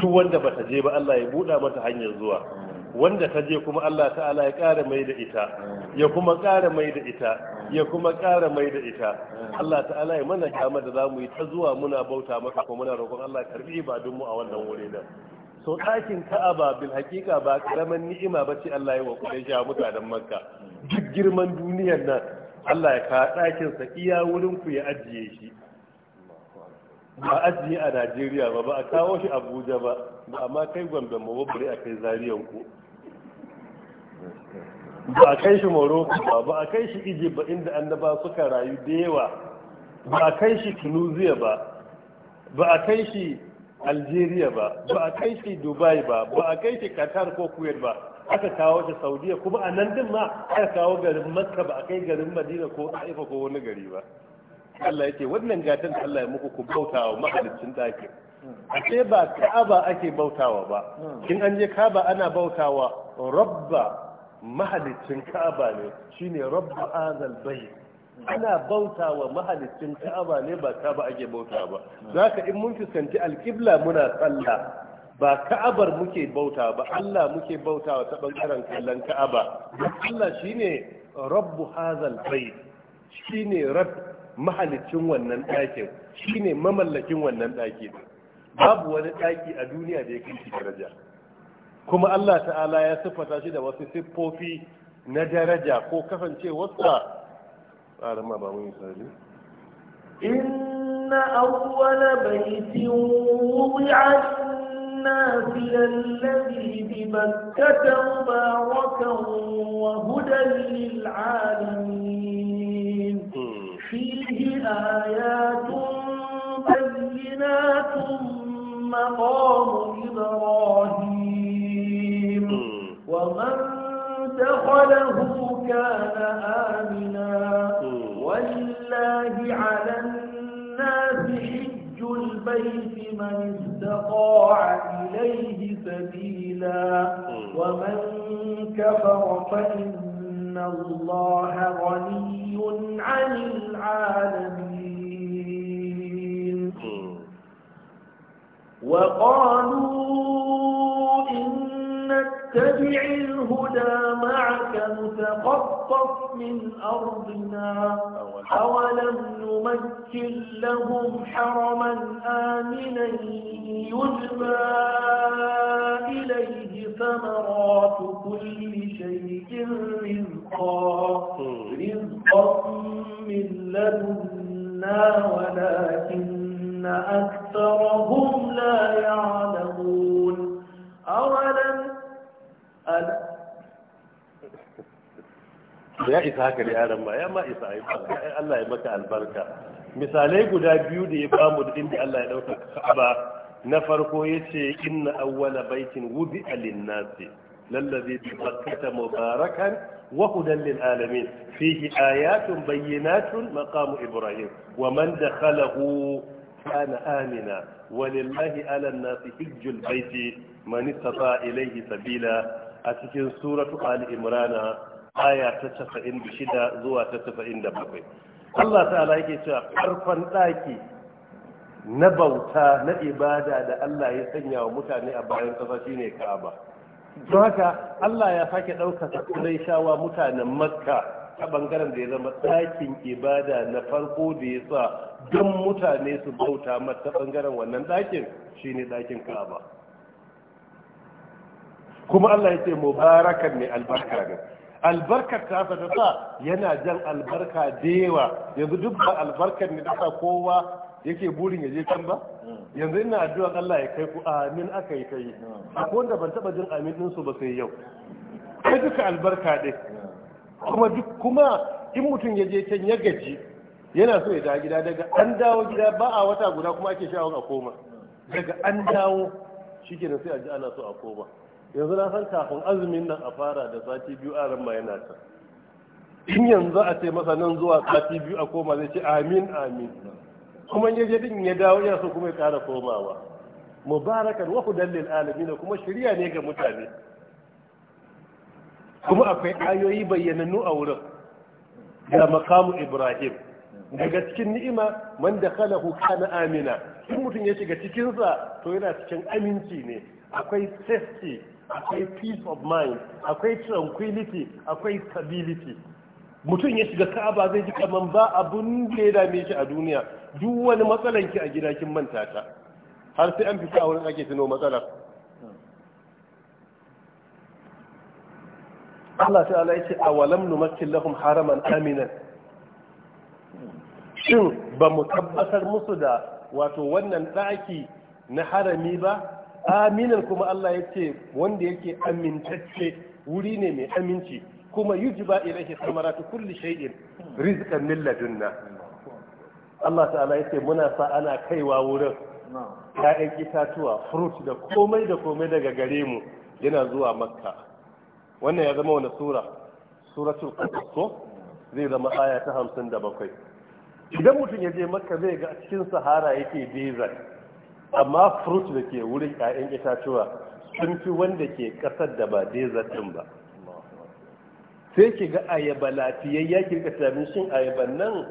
duk wanda bata je ba Allah ya buɗa mata hanyar zuwa wanda ta je kuma Allah ta'ala ya ƙara mai da ita ya kuma ƙara mai da ita ya kuma ƙara mai da ita Allah ta'ala ya mana kama da zamu yi ta zuwa muna bauta maka kuma muna roƙon Allah karbi ibadun mu a wannan wuri da so ɗakin ka'aba bil hakika ba karaman ni'ima ba Allah ya wa kuɗin sha mutanen makka duk girman duniyar nan Allah ya kawo ɗakinsa iya wurin ku ya ajiye shi ba ajiye a Najeriya ba ba a kawo shi Abuja ba ba amma kai Gombe mu ba a kai Zariyan ku ba a kai shi Morocco ba ba a kai shi Egypt ba inda annaba suka rayu da yawa ba a kai shi Tunisia ba ba a kai shi Algeria ba ba a kai shi Dubai ba ba a kai shi Qatar ko Kuwait ba aka kawo ta saudiya kuma a nan din ma aka kawo garin makka ba a kai garin madina ko haifa ko wani gari ba Allah yake wannan gatan da Allah ya muku ku bautawa mahalicin ɗakin ce ba ka'aba ake bautawa ba kin an je ka'aba ana bautawa rabba mahaliccin ka'aba ne shine rabba azal bayt ana bauta wa mahalicin ka'aba ne ba ka'aba ake bauta ba za ka in mun fuskanci alƙibla muna sallah ba ka'abar muke bauta ba Allah muke bauta wa ta bangaren kallon ka'aba Allah shine rabbu hazal bayt shine rabb mahalicin wannan ɗakin shine mamallakin wannan ɗaki babu wani ɗaki a duniya da ya kai daraja kuma Allah ta'ala ya siffata shi da wasu siffofi na daraja ko kasance wasa arama ba mun sani
inna awwala أول النافل الذي بمكة مباركا وهدى للعالمين فيه آيات بينات مقام إبراهيم ومن دخله كان آمنا ولله على الناس حج البيت من استطاع إليه سبيلا ومن كفر فإن الله غني عن العالمين وقالوا نتبع الهدى معك نتخطف من أرضنا أولم نمكن لهم حرما آمنا يجمى إليه ثمرات كل شيء رزقا رزقا من لدنا ولكن أكثرهم لا يعلمون أولم
ya isa haka da yaran ba ya ma isa ai Allah ya maka albarka misalai guda biyu da ya bamu da inda Allah ya dauka Ka'aba na farko yace inna awwala baitin wudi lin-nasi lallazi bi bakkata mubarakan wa hudan lil alamin fihi ayatun bayyinatun maqamu ibrahim wa man dakhalahu kana amina walillahi ala an-nasi hajjul baiti man istata ilayhi sabila a cikin suratu ali imrana aya ta tafa'in da shida zuwa ta tafa'in da bakwai Allah ta'ala yake cewa karfan ɗaki na bauta na ibada da Allah ya sanya wa mutane a bayan ƙasa shi ne Ka'aba don haka Allah ya sake ɗaukaka shawa mutanen Makka ta ɓangaren da ya zama ɗakin ibada na farko da ya sa don mutane su bauta mata ɓangaren, wannan ɗakin shi ne ɗakin Ka'aba kuma Allah ya ce mubarakan mai albarka ne albarkar ta ta sa yana jan albarka da yawa yanzu duk ba albarkar ne ta kowa yake burin ya je can ba yanzu ina addu'a Allah ya kai ku amin aka yi kai akwai wanda ban taba jin amin din su ba sai yau kai duka albarka dai kuma duk kuma in mutum ya je can ya gaji yana so ya dawo gida daga an dawo gida ba a wata guda kuma ake sha'awar a koma daga an dawo shi sai a ji ana so a koma yanzu na san kafin azumin nan a fara da sati biyu a ran yana ta in yanzu a ce masa nan zuwa sati biyu a koma zai ce amin amin kuma ya je din ya dawo ya so kuma ya kara komawa mubarakan wa hudan lil alamin kuma shirya ne ga mutane kuma akwai ayoyi bayyanannu a wurin ga makamu ibrahim daga cikin ni'ima man da kuka kana amina in mutum ya shiga cikinsa to yana cikin aminci ne akwai safety akwai peace of mind akwai tranquility akwai stability mutum ya shiga ka'aba zai ji kaman ba abun da ya dame shi a duniya duk wani matsalan ki a gida kin manta ta har sai an fita a wurin ake tuno matsalar Allah ta'ala ya ce awalam numakkin lahum haraman aminan shin ba mu tabbatar musu da wato wannan ɗaki na harami ba aminan kuma Allah ya ce wanda yake amintacce wuri ne mai aminci kuma yujba samara ta kulli shay'in rizikan milladin na Allah ta'ala ce muna sa ana kaiwa wurin Ya'yan itatuwa fruit da komai da komai daga gare mu yana zuwa makka wannan ya zama wani sura suratul qasas zai zama aya ta hamsin da bakwai. idan mutum ya je makka zai ga cikin sahara yake desert amma fruit da ke wurin 'ya'yan itatuwa sun fi wanda ke ƙasar da ba desert zaton ba sai kiga ga ayaba lafiyayya ki rika shin ayaban nan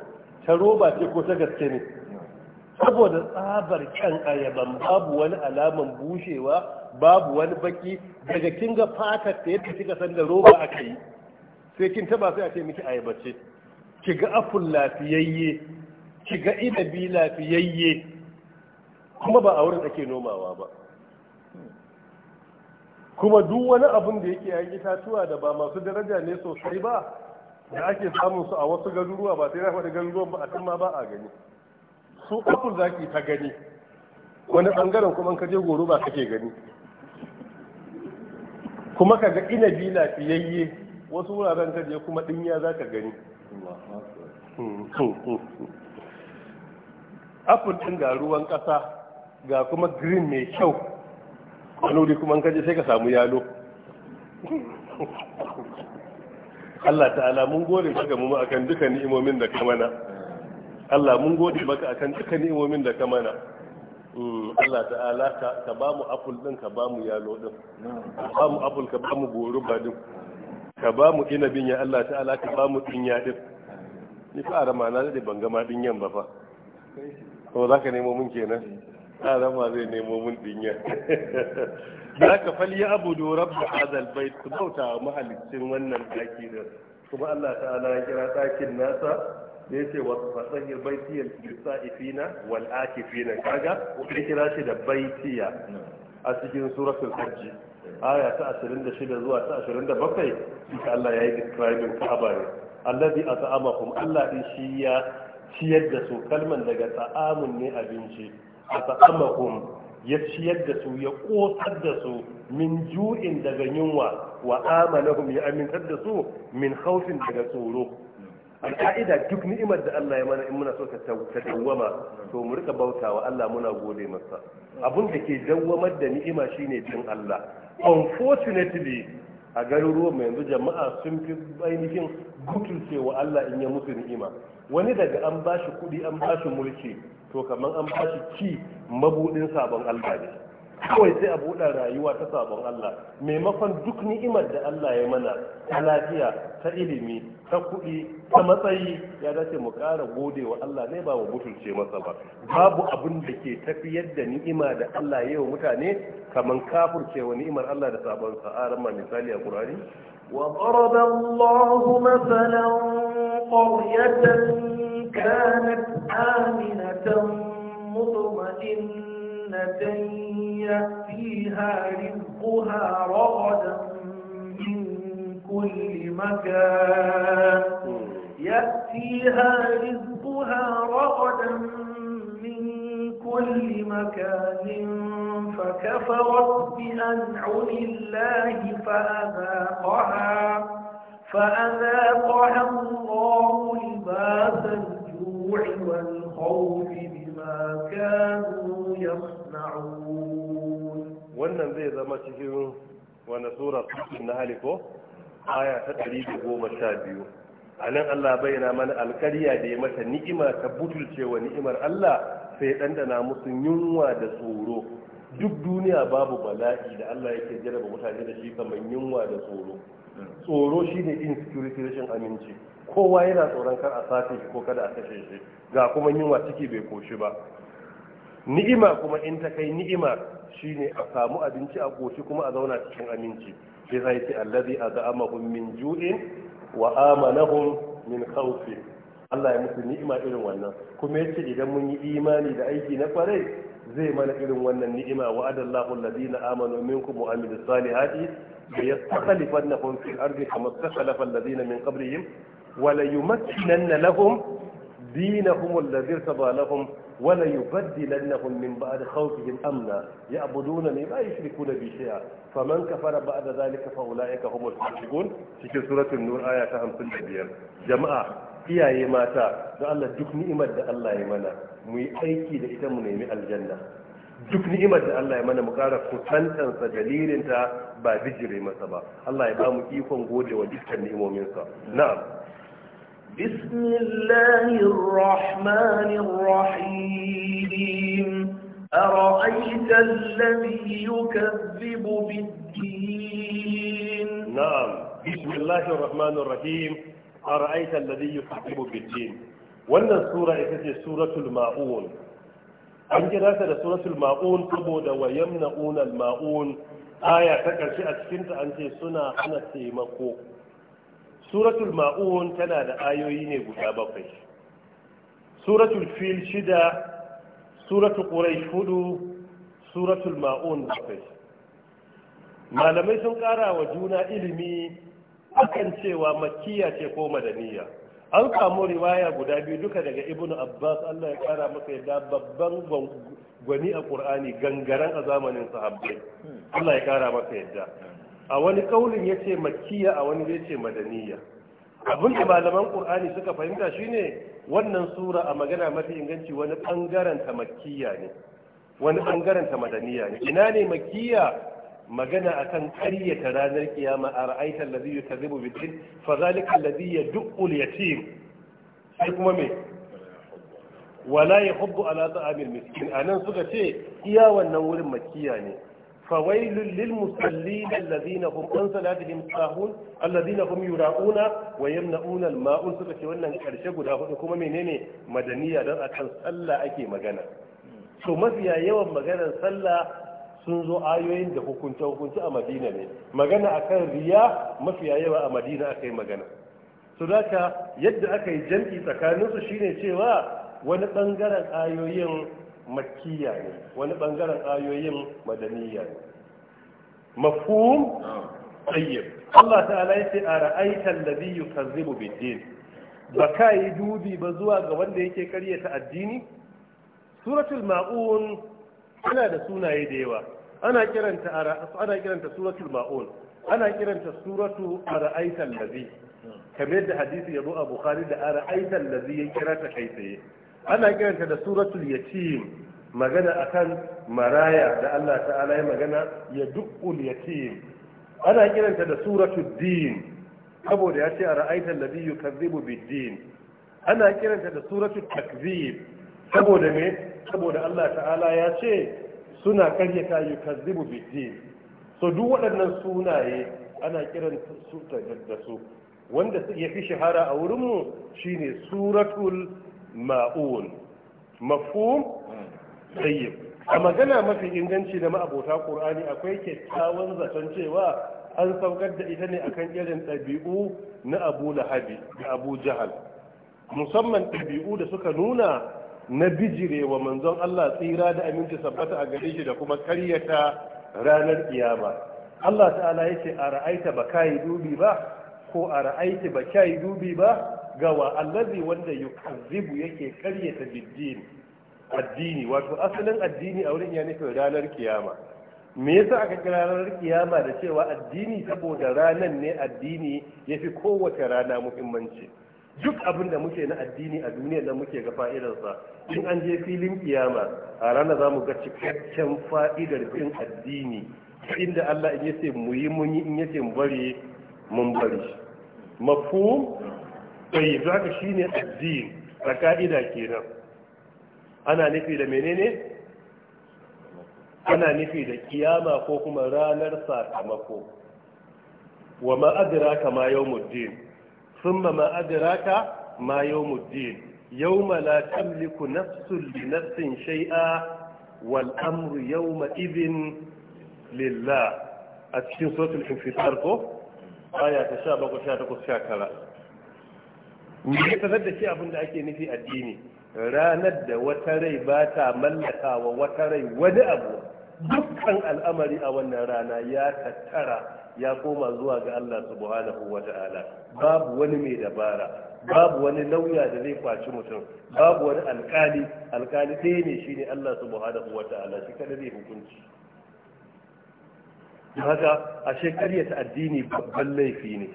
ta roba ce ko ta gaske ne saboda tsabar kan ayaban babu wani alaman bushewa babu wani baki daga kin ga fatar ta yadda kika san da roba aka yi sai kin taba sai a ce miki ayaba ki ga aful lafiyayye ki ga inabi lafiyayye kuma ba a wurin ake nomawa ba kuma duk wani abin da yake yayin itatuwa da ba masu daraja ne sosai ba da ake samun su a wasu garuruwa ba sai na faɗi garuruwan ba a can ma ba a gani su apple zaki ta gani wani bangaren kuma ka je goro ba kake gani kuma ka ga inabi lafiyayye wasu wuraren ka je kuma dinya za ka gani hmm, hmm, hmm, apple ɗin ga ruwan ƙasa ga kuma green mai kyau wani kuma kaje sai ka samu yalo Allah ta'ala mun gode maka mu akan duka ni'imomin da ka mana Allah mun gode maka akan duka ni'imomin da ka mana mm, Allah ta'ala ka ba mu apple din ka ba mu yalo din ka ba mu apple ka ba mu ba din ka ba mu inabin ya Allah ta'ala ka ba mu dinya din ni fara ma na da ban gama yan ba fa to zaka nemo mun kenan arama zai nemo mun dinya da ka fali abu da rabba hazal bai su bauta wa mahalicin wannan ɗaki da kuma Allah ta'ala ya kira ɗakin nasa da ya ce wa fasahir baitiyar ifina wal akifina kaga ya kira shi da baitiya a cikin suratul hajji aya ta ashirin da shida zuwa ta ashirin da bakwai shi Allah ya yi describing Ka'aba ne allazi at'amakum Allah din shi ya ciyar da su kalman daga ta'amun ne abinci ataqamahum ya ciyar da su ya kosar da su min ju'in daga yunwa wa amanahum ya amintar da su min khawfin daga tsoro al'a'ida duk ni'imar da Allah ya mana in muna so ta dawwama to mu rika bautawa Allah muna gode masa abun da ke dawwamar da ni'ima shine bin Allah unfortunately a garuruwan mai yanzu jama'a sun fi ainihin butulce cewa Allah in ya musu ni'ima wani daga an bashi kuɗi an bashi mulki to kamar an ba shi ci mabuɗin sabon Allah ne kawai sai a buɗe rayuwa ta sabon Allah maimakon duk ni'imar da Allah ya mana ta lafiya ta ilimi ta kuɗi ta matsayi ya dace mu ƙara gode wa Allah ne ba mu mutunce masa ba babu abin da ke tafiyar da ni'ima da Allah ya yi wa mutane kamar kafurce wa ni'imar Allah da sabon sa'aran ma misali a Qur'ani وضرب الله مثلا قرية
مطمئنة جنة يأتيها رزقها رغدا من كل مكان يأتيها رزقها رغدا من كل مكان فكفرت بأنعم الله فأذاقها فأذاقها الله لباس الجوع والخوف بما كانوا يخشون
wannan zai zama cikin wani sura na haliko aya ta ɗari da goma sha biyu a nan allah bayyana mana alkarya da ya mata ni'ima ta butulcewa ni'imar allah sai ɗandana musu yunwa da tsoro duk duniya babu bala'i da allah yake jarraba mutane da shi kamar yunwa da tsoro tsoro shi ne insecurity rashin aminci kowa yana tsoron kar a sace shi ko kada a kashe shi ga kuma yunwa ciki bai koshi ba ni'ima kuma in ta kai ni'ima shine a samu abinci a goshi kuma a zauna cikin aminci sai zai ce allazi azamahum min ju'in wa amanahum min khawfin Allah ya musu ni'ima irin wannan kuma yace idan mun yi imani da aiki na kwarai zai mana irin wannan ni'ima wa adallahu alladhina amanu minkum wa amilus salihati ليستخلفنهم في الأرض كما min الذين من قبلهم وليمكنن lahum? دينهم الذي ارتضى لهم وليبدلنهم من بعد خوفهم امنا يعبدونني لا يشركون بي شيئا فمن كفر بعد ذلك فاولئك هم الفاسقون في سوره النور ايه 55 جماعه iyaye mata da Allah duk ni'imar da Allah ya mana mu yi aiki da ita mu nemi aljanna duk ni'imar da Allah ya mana mu ƙara kusantansa dalilinta ba bijire masa ba Allah ya ba mu ikon gode wa dukkan ni'imominsa na'am
بسم الله الرحمن الرحيم أرأيت الذي يكذب بالدين
نعم بسم الله الرحمن الرحيم أرأيت الذي يكذب بالدين وأن السورة هي سورة الماؤون أن جرأت سورة الماؤون تبود ويمنعون الماؤون آية تكرشئة سنت أنت سنة أنت مقوق suratul ma'un tana da ayoyi ne guda bakwai suratul fil shida suratul quraish hudu suratul ma'un bakwai malamai sun kara wa juna ilimi akan cewa makkiya ce ko madaniya an samu riwaya guda biyu duka daga ibnu abbas allah ya kara masa yadda babban gwani a qur'ani gangaren a zamanin sahabbai hmm. allah ya kara masa yadda a wani kaulin ya ce makkiya a wani ya ce madaniya abin da malaman qur'ani suka fahimta shine wannan sura a magana mafi inganci wani bangaren ta makkiya ne wani bangaren ta madaniya ne ina ne makkiya magana akan karyata ranar kiyama a ra'aitar da zai ta zubu bitin fazalika lazi ya dukkul yatim sai kuma me wala ya hubbu ala ta'amil miskin anan suka ce iya wannan wurin makiya ne فويل للمصلين الذين هم عن صلاتهم ساهون الذين هم يراؤون ويمنعون الماء سكت ce wannan karshe guda كما kuma menene madaniya don akan sallah ake magana مفيا mafiya yawan maganar sallah sun zo ayoyin da hukunta hukunci a madina ne magana akan riya mafiya yawa a madina aka yi magana su daga yadda aka yi jam'i tsakaninsu shine cewa wani bangaren ayoyin makkiya ne wani bangaren ayoyin madaniya ne mafhum tayyib Allah ta'ala yace ara'aita alladhi yukazzibu bid-din baka yi dubi ba zuwa ga wanda yake karya ta addini suratul ma'un da sunaye da yawa ana kiranta ana kiranta suratul ma'un ana kiranta suratu ara'aita alladhi kamar yadda ya yabo a bukhari da ara'aita alladhi ya kira ta kai tsaye ana kiranta da suratul yatim magana akan maraya da Allah ta'ala ya magana ya dukkul yatim ana kiranta da suratul din saboda ya ce a ra'aitan ladhi yukazzibu bid-din ana kiranta da suratul takzib saboda me saboda Allah ta'ala ya ce suna karyata yukazzibu bid-din so duk waɗannan sunaye ana kiran su da su wanda ya fi shahara a wurinmu shine suratul ma'un mafhum tsayyib a magana mafi inganci na ma'abota ƙur'ani akwai kyakkyawan zaton cewa an saukar da ita ne akan irin ɗabi'u na abu lahabi da abu jahal musamman ɗabi'u da suka nuna na bijire wa manzon Allah tsira da aminci sabbata a gare shi da kuma karyata ranar kiyama Allah ta'ala yace a ra'aita ba kai dubi ba ko a ra'aita ba kai dubi ba gawa allazi wanda yukazzibu yake karyata biddin addini wato asalin addini a wurin ya nufin ranar kiyama me yasa aka kira ranar kiyama da cewa addini saboda ranar ne addini yafi kowace rana muhimmanci duk abin da muke na addini a duniya da muke ga fa'idarsa in an je filin kiyama a ranar za mu ga cikakken fa'idar bin addini inda Allah in yace mu yi mun yi in yace mu bari mun bari mafhum bai zaka shine addini ka ka'ida kenan ana nufi da menene ana nufi da kiyama ko kuma ranar sakamako wa ka ma yawmuddin thumma ma'adiraka ma yawmuddin yawma la tamliku nafsun li nafsin shay'a wal amru yawma idhin lillah a cikin suratul infitar ko aya ta sha 17 sha 19 me ya tazar da shi abin da ake nufi addini ranar da wata rai ba ta mallakawa wata rai wani abu dukkan al'amari a wannan rana ya tattara ya koma zuwa ga Allah subhanahu wa ta'ala babu wani mai dabara babu wani lauya da zai kwaci mutum babu wani alkali alkali ɗaya ne shi ne Allah subhanahu wa ta'ala shi kada zai hukunci don haka ashe ta addini babban laifi ne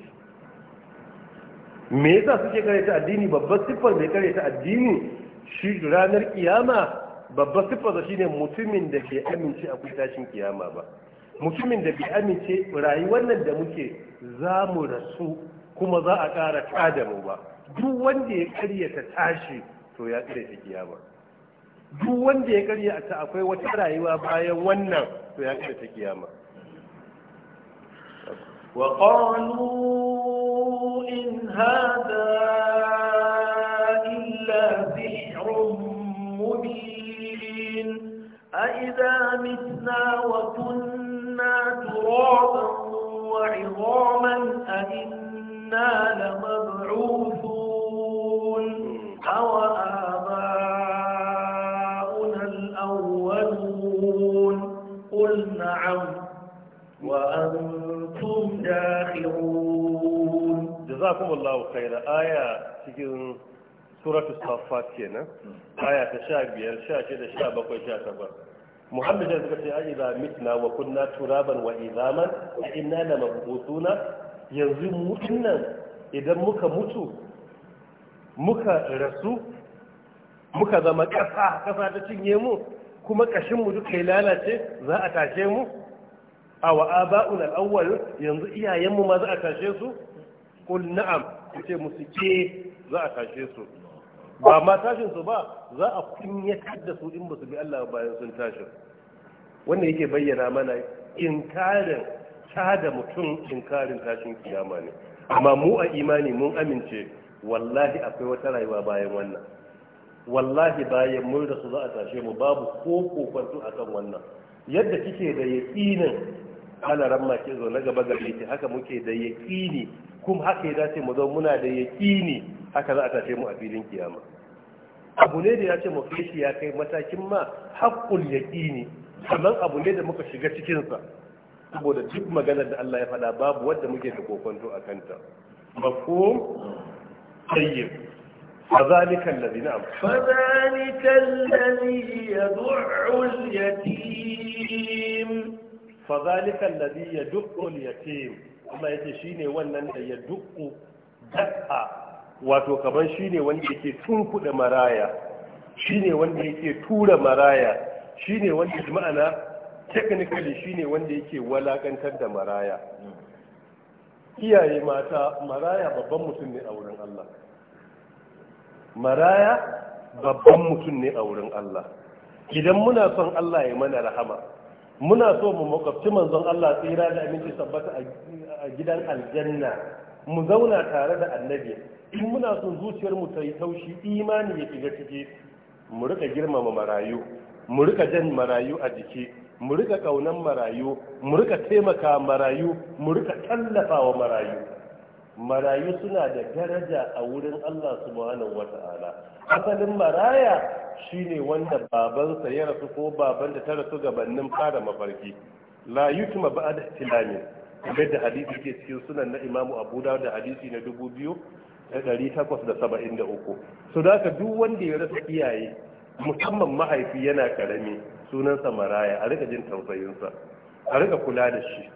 me yasa suke ta addini babban siffar mai ta addini shi ranar kiyama babba siffarsa shine mutumin da bai amince a tashin kiyama ba mutumin da bai amince rayuwar nan da muke za mu rasu kuma za a ƙara kadamu mu ba duk wanda ya karyata tashi to ya karyata kiyama duk wanda ya karyata akwai wata rayuwa bayan wannan to ya karyata kiyama وقالوا
إن هذا أَإِذَا مِتْنَا وَكُنَّا تُرَابًا وَعِظَامًا أَإِنَّا لَمَبْعُوثُونَ أَوَآبَاؤُنَا الْأَوَّلُونَ قُلْ نَعَمْ وَأَنْتُمْ دَاخِرُونَ
جزاكم الله خيرا آية تجد سورة الصفات كينا آية إذا شابك شابة بيال muhammad suka ce ai idza mitna wa kunna turaban wa izaman a inna la mabutuna yanzu mu dinnan idan muka mutu muka rasu muka zama ƙasa ƙasa ta cinye mu kuma kashin mu duka ya lalace za a tashe mu a wa aba'un al'awwal yanzu iyayenmu ma za a tashe su qul na'am kace mu ke eh, za a tashe su ba ma tashin su ba za a kunyatar da su in ba su bi Allah bayan sun tashi wanda yake bayyana mana inkarin da mutum inkarin tashin kiyama ne amma mu a imani mun amince wallahi akwai wata rayuwa bayan wannan wallahi bayan mun da su za a tashe mu babu ko kokonto akan wannan yadda kike da yaqinin ana ramma ke zo na gaba gaba ce, haka muke da yaƙini kuma haka ya dace mu zama muna da yaƙini haka za a tashe mu a filin kiyama abu ne da ya ce mafi shi ya kai matakin ma haƙƙul yaƙini sannan abu ne da muka shiga cikinsa saboda duk maganar da Allah ya faɗa babu wanda muke da kokonto a kanta mafhum tayyib فذلك الذي نعم
فذلك الذي يدع
اليتيم fa zalika ya ce. al ya ce shi ne wannan da ya duku dakka wato kaman shine wanda yake da maraya shine wanda yake tura maraya shine wanda ma'ana technically shine wanda yake walakantar da maraya iyaye mata maraya babban mutum ne a wurin Allah maraya babban mutum ne a wurin Allah idan muna son Allah ya mana rahama muna so mu makwabci manzon Allah tsira da aminci sabbata a gidan aljanna mu zauna tare da annabi in muna son zuciyar mu ta yi taushi imani ya shiga ciki mu rika girmama marayu mu rika jan marayu a jiki mu rika kaunan marayu mu rika taimaka marayu mu rika tallafa wa marayu marayu suna da daraja a wurin Allah subhanahu ta'ala asalin maraya shine wanda babansa ya rasu ko baban da ta rasu gabanin fara mafarki la yutma ba'da tilami kamar da hadisi ke cikin sunan na Imam Abu Dawud da hadisi na 2873 so da duk wanda ya rasa iyaye musamman mahaifi yana karami sunansa maraya a rika jin tausayinsa a rika kula da shi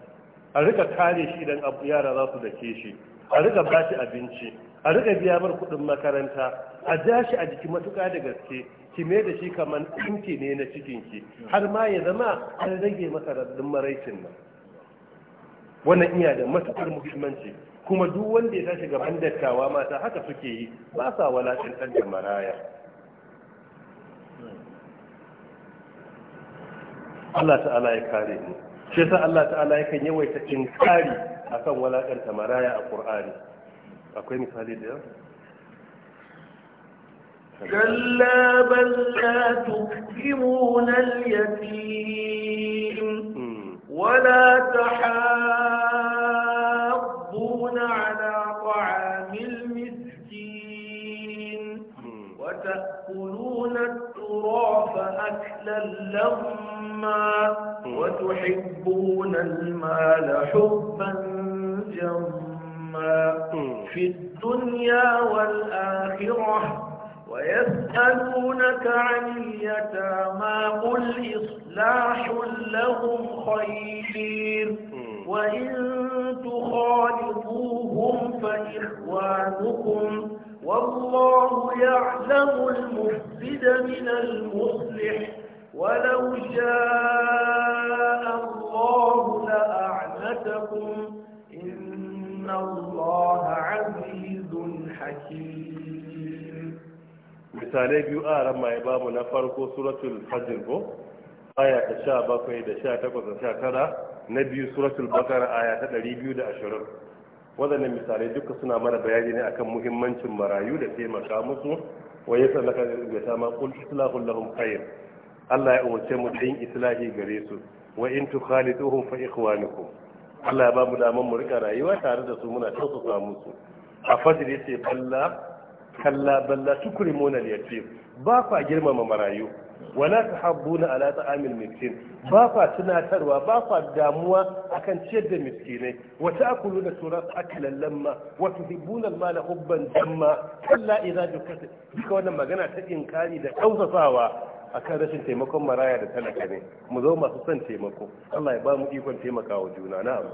a rika kare shi idan yara za su dake shi a riga ba shi abinci a riga biya mar kuɗin makaranta a ja shi a jiki matuƙa da gaske ki mai da shi kamar ɗinki ne na cikinki har ma ya zama an rage masa raɗin maraicin nan wannan iya da matuƙar muhimmanci kuma duk wanda ya tashi gaban dattawa mata haka suke yi ba sa walakantar da maraya Allah ta'ala ya kare ni, shi yasa Allah ta'ala yakan yawaita in kare akan walakanta maraya a qur'ani akwai misali da
كلا بل لا تكرمون اليتيم ولا تحاضون على طعام المسكين وتأكلون التراث أكلا لما وتحبون المال حبا جما في الدنيا والآخرة ويسألونك عن اليتامى قل إصلاح لهم خير وإن تخالطوهم فإخوانكم والله يعلم المفسد من المصلح ولو شاء الله لأعنتكم الله misalai biyu a ran mai babu na farko suratul fajr ko
aya ta sha bakwai da sha takwas da sha 19 na biyu suratul bakara aya ta ɗari biyu da ashirin. wadannan misalai duka suna mana bayani ne akan muhimmancin marayu da taimaka musu wa yasa laka da ta ma qul islahul lahum khair Allah ya umarce mu da yin islahi gare su wa in tukhaliduhum fa ikhwanukum Allah ya ba mu daman mu rika rayuwa tare da su muna tausasa musu a fatir yace balla kalla balla tukrimuna al ce ba kwa girmama marayu wala tahabbuna ala ta'amil miskin ba kwa tunatarwa ba kwa damuwa akan ciyar da miskinai wa ta'kuluna da aklan lamma wa tuhibbuna al-mala hubban jamma kalla idza dukkat duka wannan magana ta inkari da tausasawa akan rashin taimakon maraya da talaka ne mu zo masu son taimako Allah ya ba mu ikon taimakawa juna na'am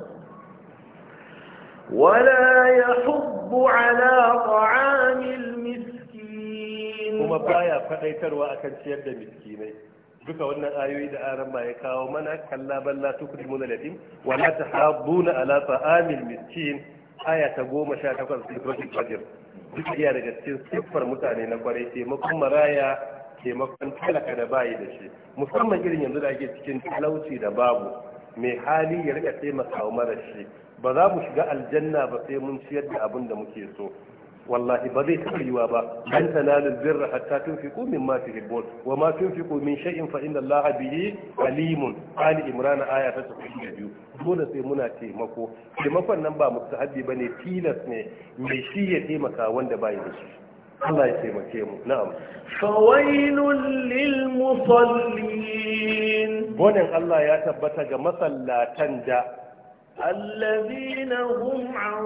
wala
ya hubbu ala ta'amil miskin kuma baya
fadaitarwa akan ciyar da miskinai duka wannan ayoyi da aran ba ya kawo mana kalla balla tukrimuna latim wala tahabuna ala ta'amil miskin aya ta goma sha takwas suratul fajr duk iya daga cikin siffar mutane na kwarai taimakon maraya taimakon talaka da bayi da shi musamman irin yanzu da ake cikin talauci da babu mai hali ya rika taimaka wa mara shi ba za mu shiga aljanna ba sai mun ciyar da abin da muke so wallahi ba zai taɓa yiwa ba an tanalin zirra hatta tun ma fi tuhibbun wa ma tun fi min shay'in fa da allaha biye alimun ali Imrana aya ta tafi biyu dole sai muna taimako taimakon nan ba ba ne tilas ne mai shi ya taimaka wanda bai da shi Allah ya taimake mu na'am
fawailul lil musallin
wannan Allah ya tabbata ga masallatan da
allazina hum an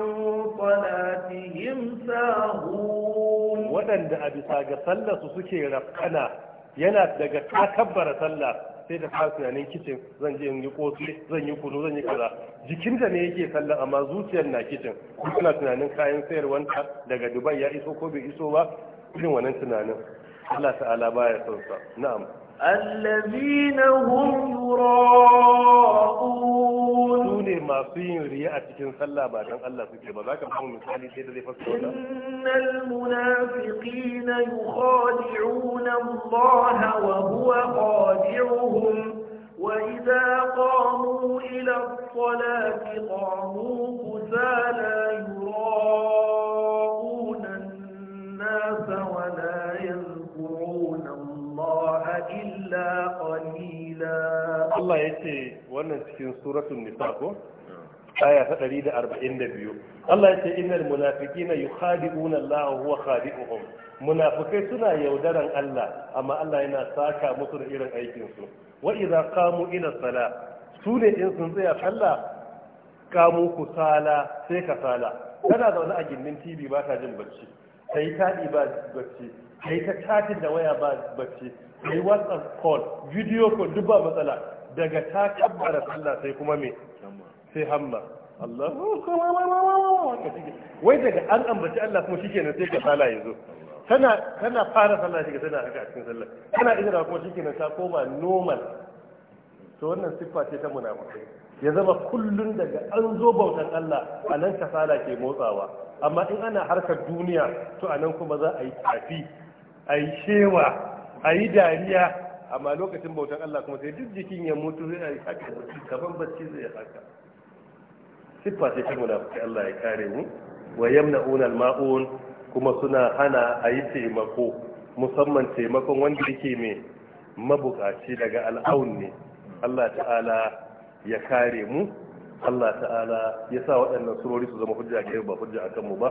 salatihim
sahun wadanda a bisa ga sallar su suke rakkana yana daga takabbara sallar sai ta fara tunanin kicin zan je in yi kotu zan yi kunu zan yi kaza jikinta ne yake sallan amma zuciyar na kicin tana tunanin kayan sayarwanta daga dubai ya iso ko bai iso ba irin wannan tunanin Allah ta'ala baya sauka na'am
الذين هم يراءون
سوني ما سين رياء تكن صلى ما كان الله سكي ما ذاك محمد مثالي سيد اللي فسر إن
المنافقين يخادعون الله وهو خادعهم وإذا قاموا إلى الصلاة قاموا كسالى يراءون إلا قليلا الله
يتي وانا في سورة النساء آية 142 الله يتي إن المنافقين يخادعون الله وهو خادعهم munafikai suna yaudaran Allah amma Allah yana saka musu da irin aikinsu wa idza qamu ila sala su ne in sun tsaya salla kamu ku sala sai ka sala kana zaune a gindin TV ba ka jin bacci kai taɗi ba bacci kai ta tatin da waya ba bacci da yi whatsapp call video ko duk matsala daga ta kabbara sallah sai kuma me sai hamma Allah wai daga an ambaci Allah kuma shikenan sai ka sala yanzu? kana kana fara sallah shiga tana haka a cikin sallah kana idara kuma shikenan ta koma normal to wannan siffa ce ta munafiki ya zama kullun daga an zo bautan Allah a nan kasala ke motsawa amma in ana harkar duniya to a nan kuma za a yi tafi a yi shewa a yi dariya amma lokacin bautan Allah kuma sai duk jikin ya mutu zai yi haka kaban bacci zai haka siffa ce ta Allah ya kare mu wa yamna'una al-ma'un kuma suna hana a yi taimako musamman taimakon wanda yake mai mabukaci daga al'aun ne Allah ta'ala ya kare mu Allah ta'ala ya sa waɗannan surori su zama hujja ke ba hujja akan mu ba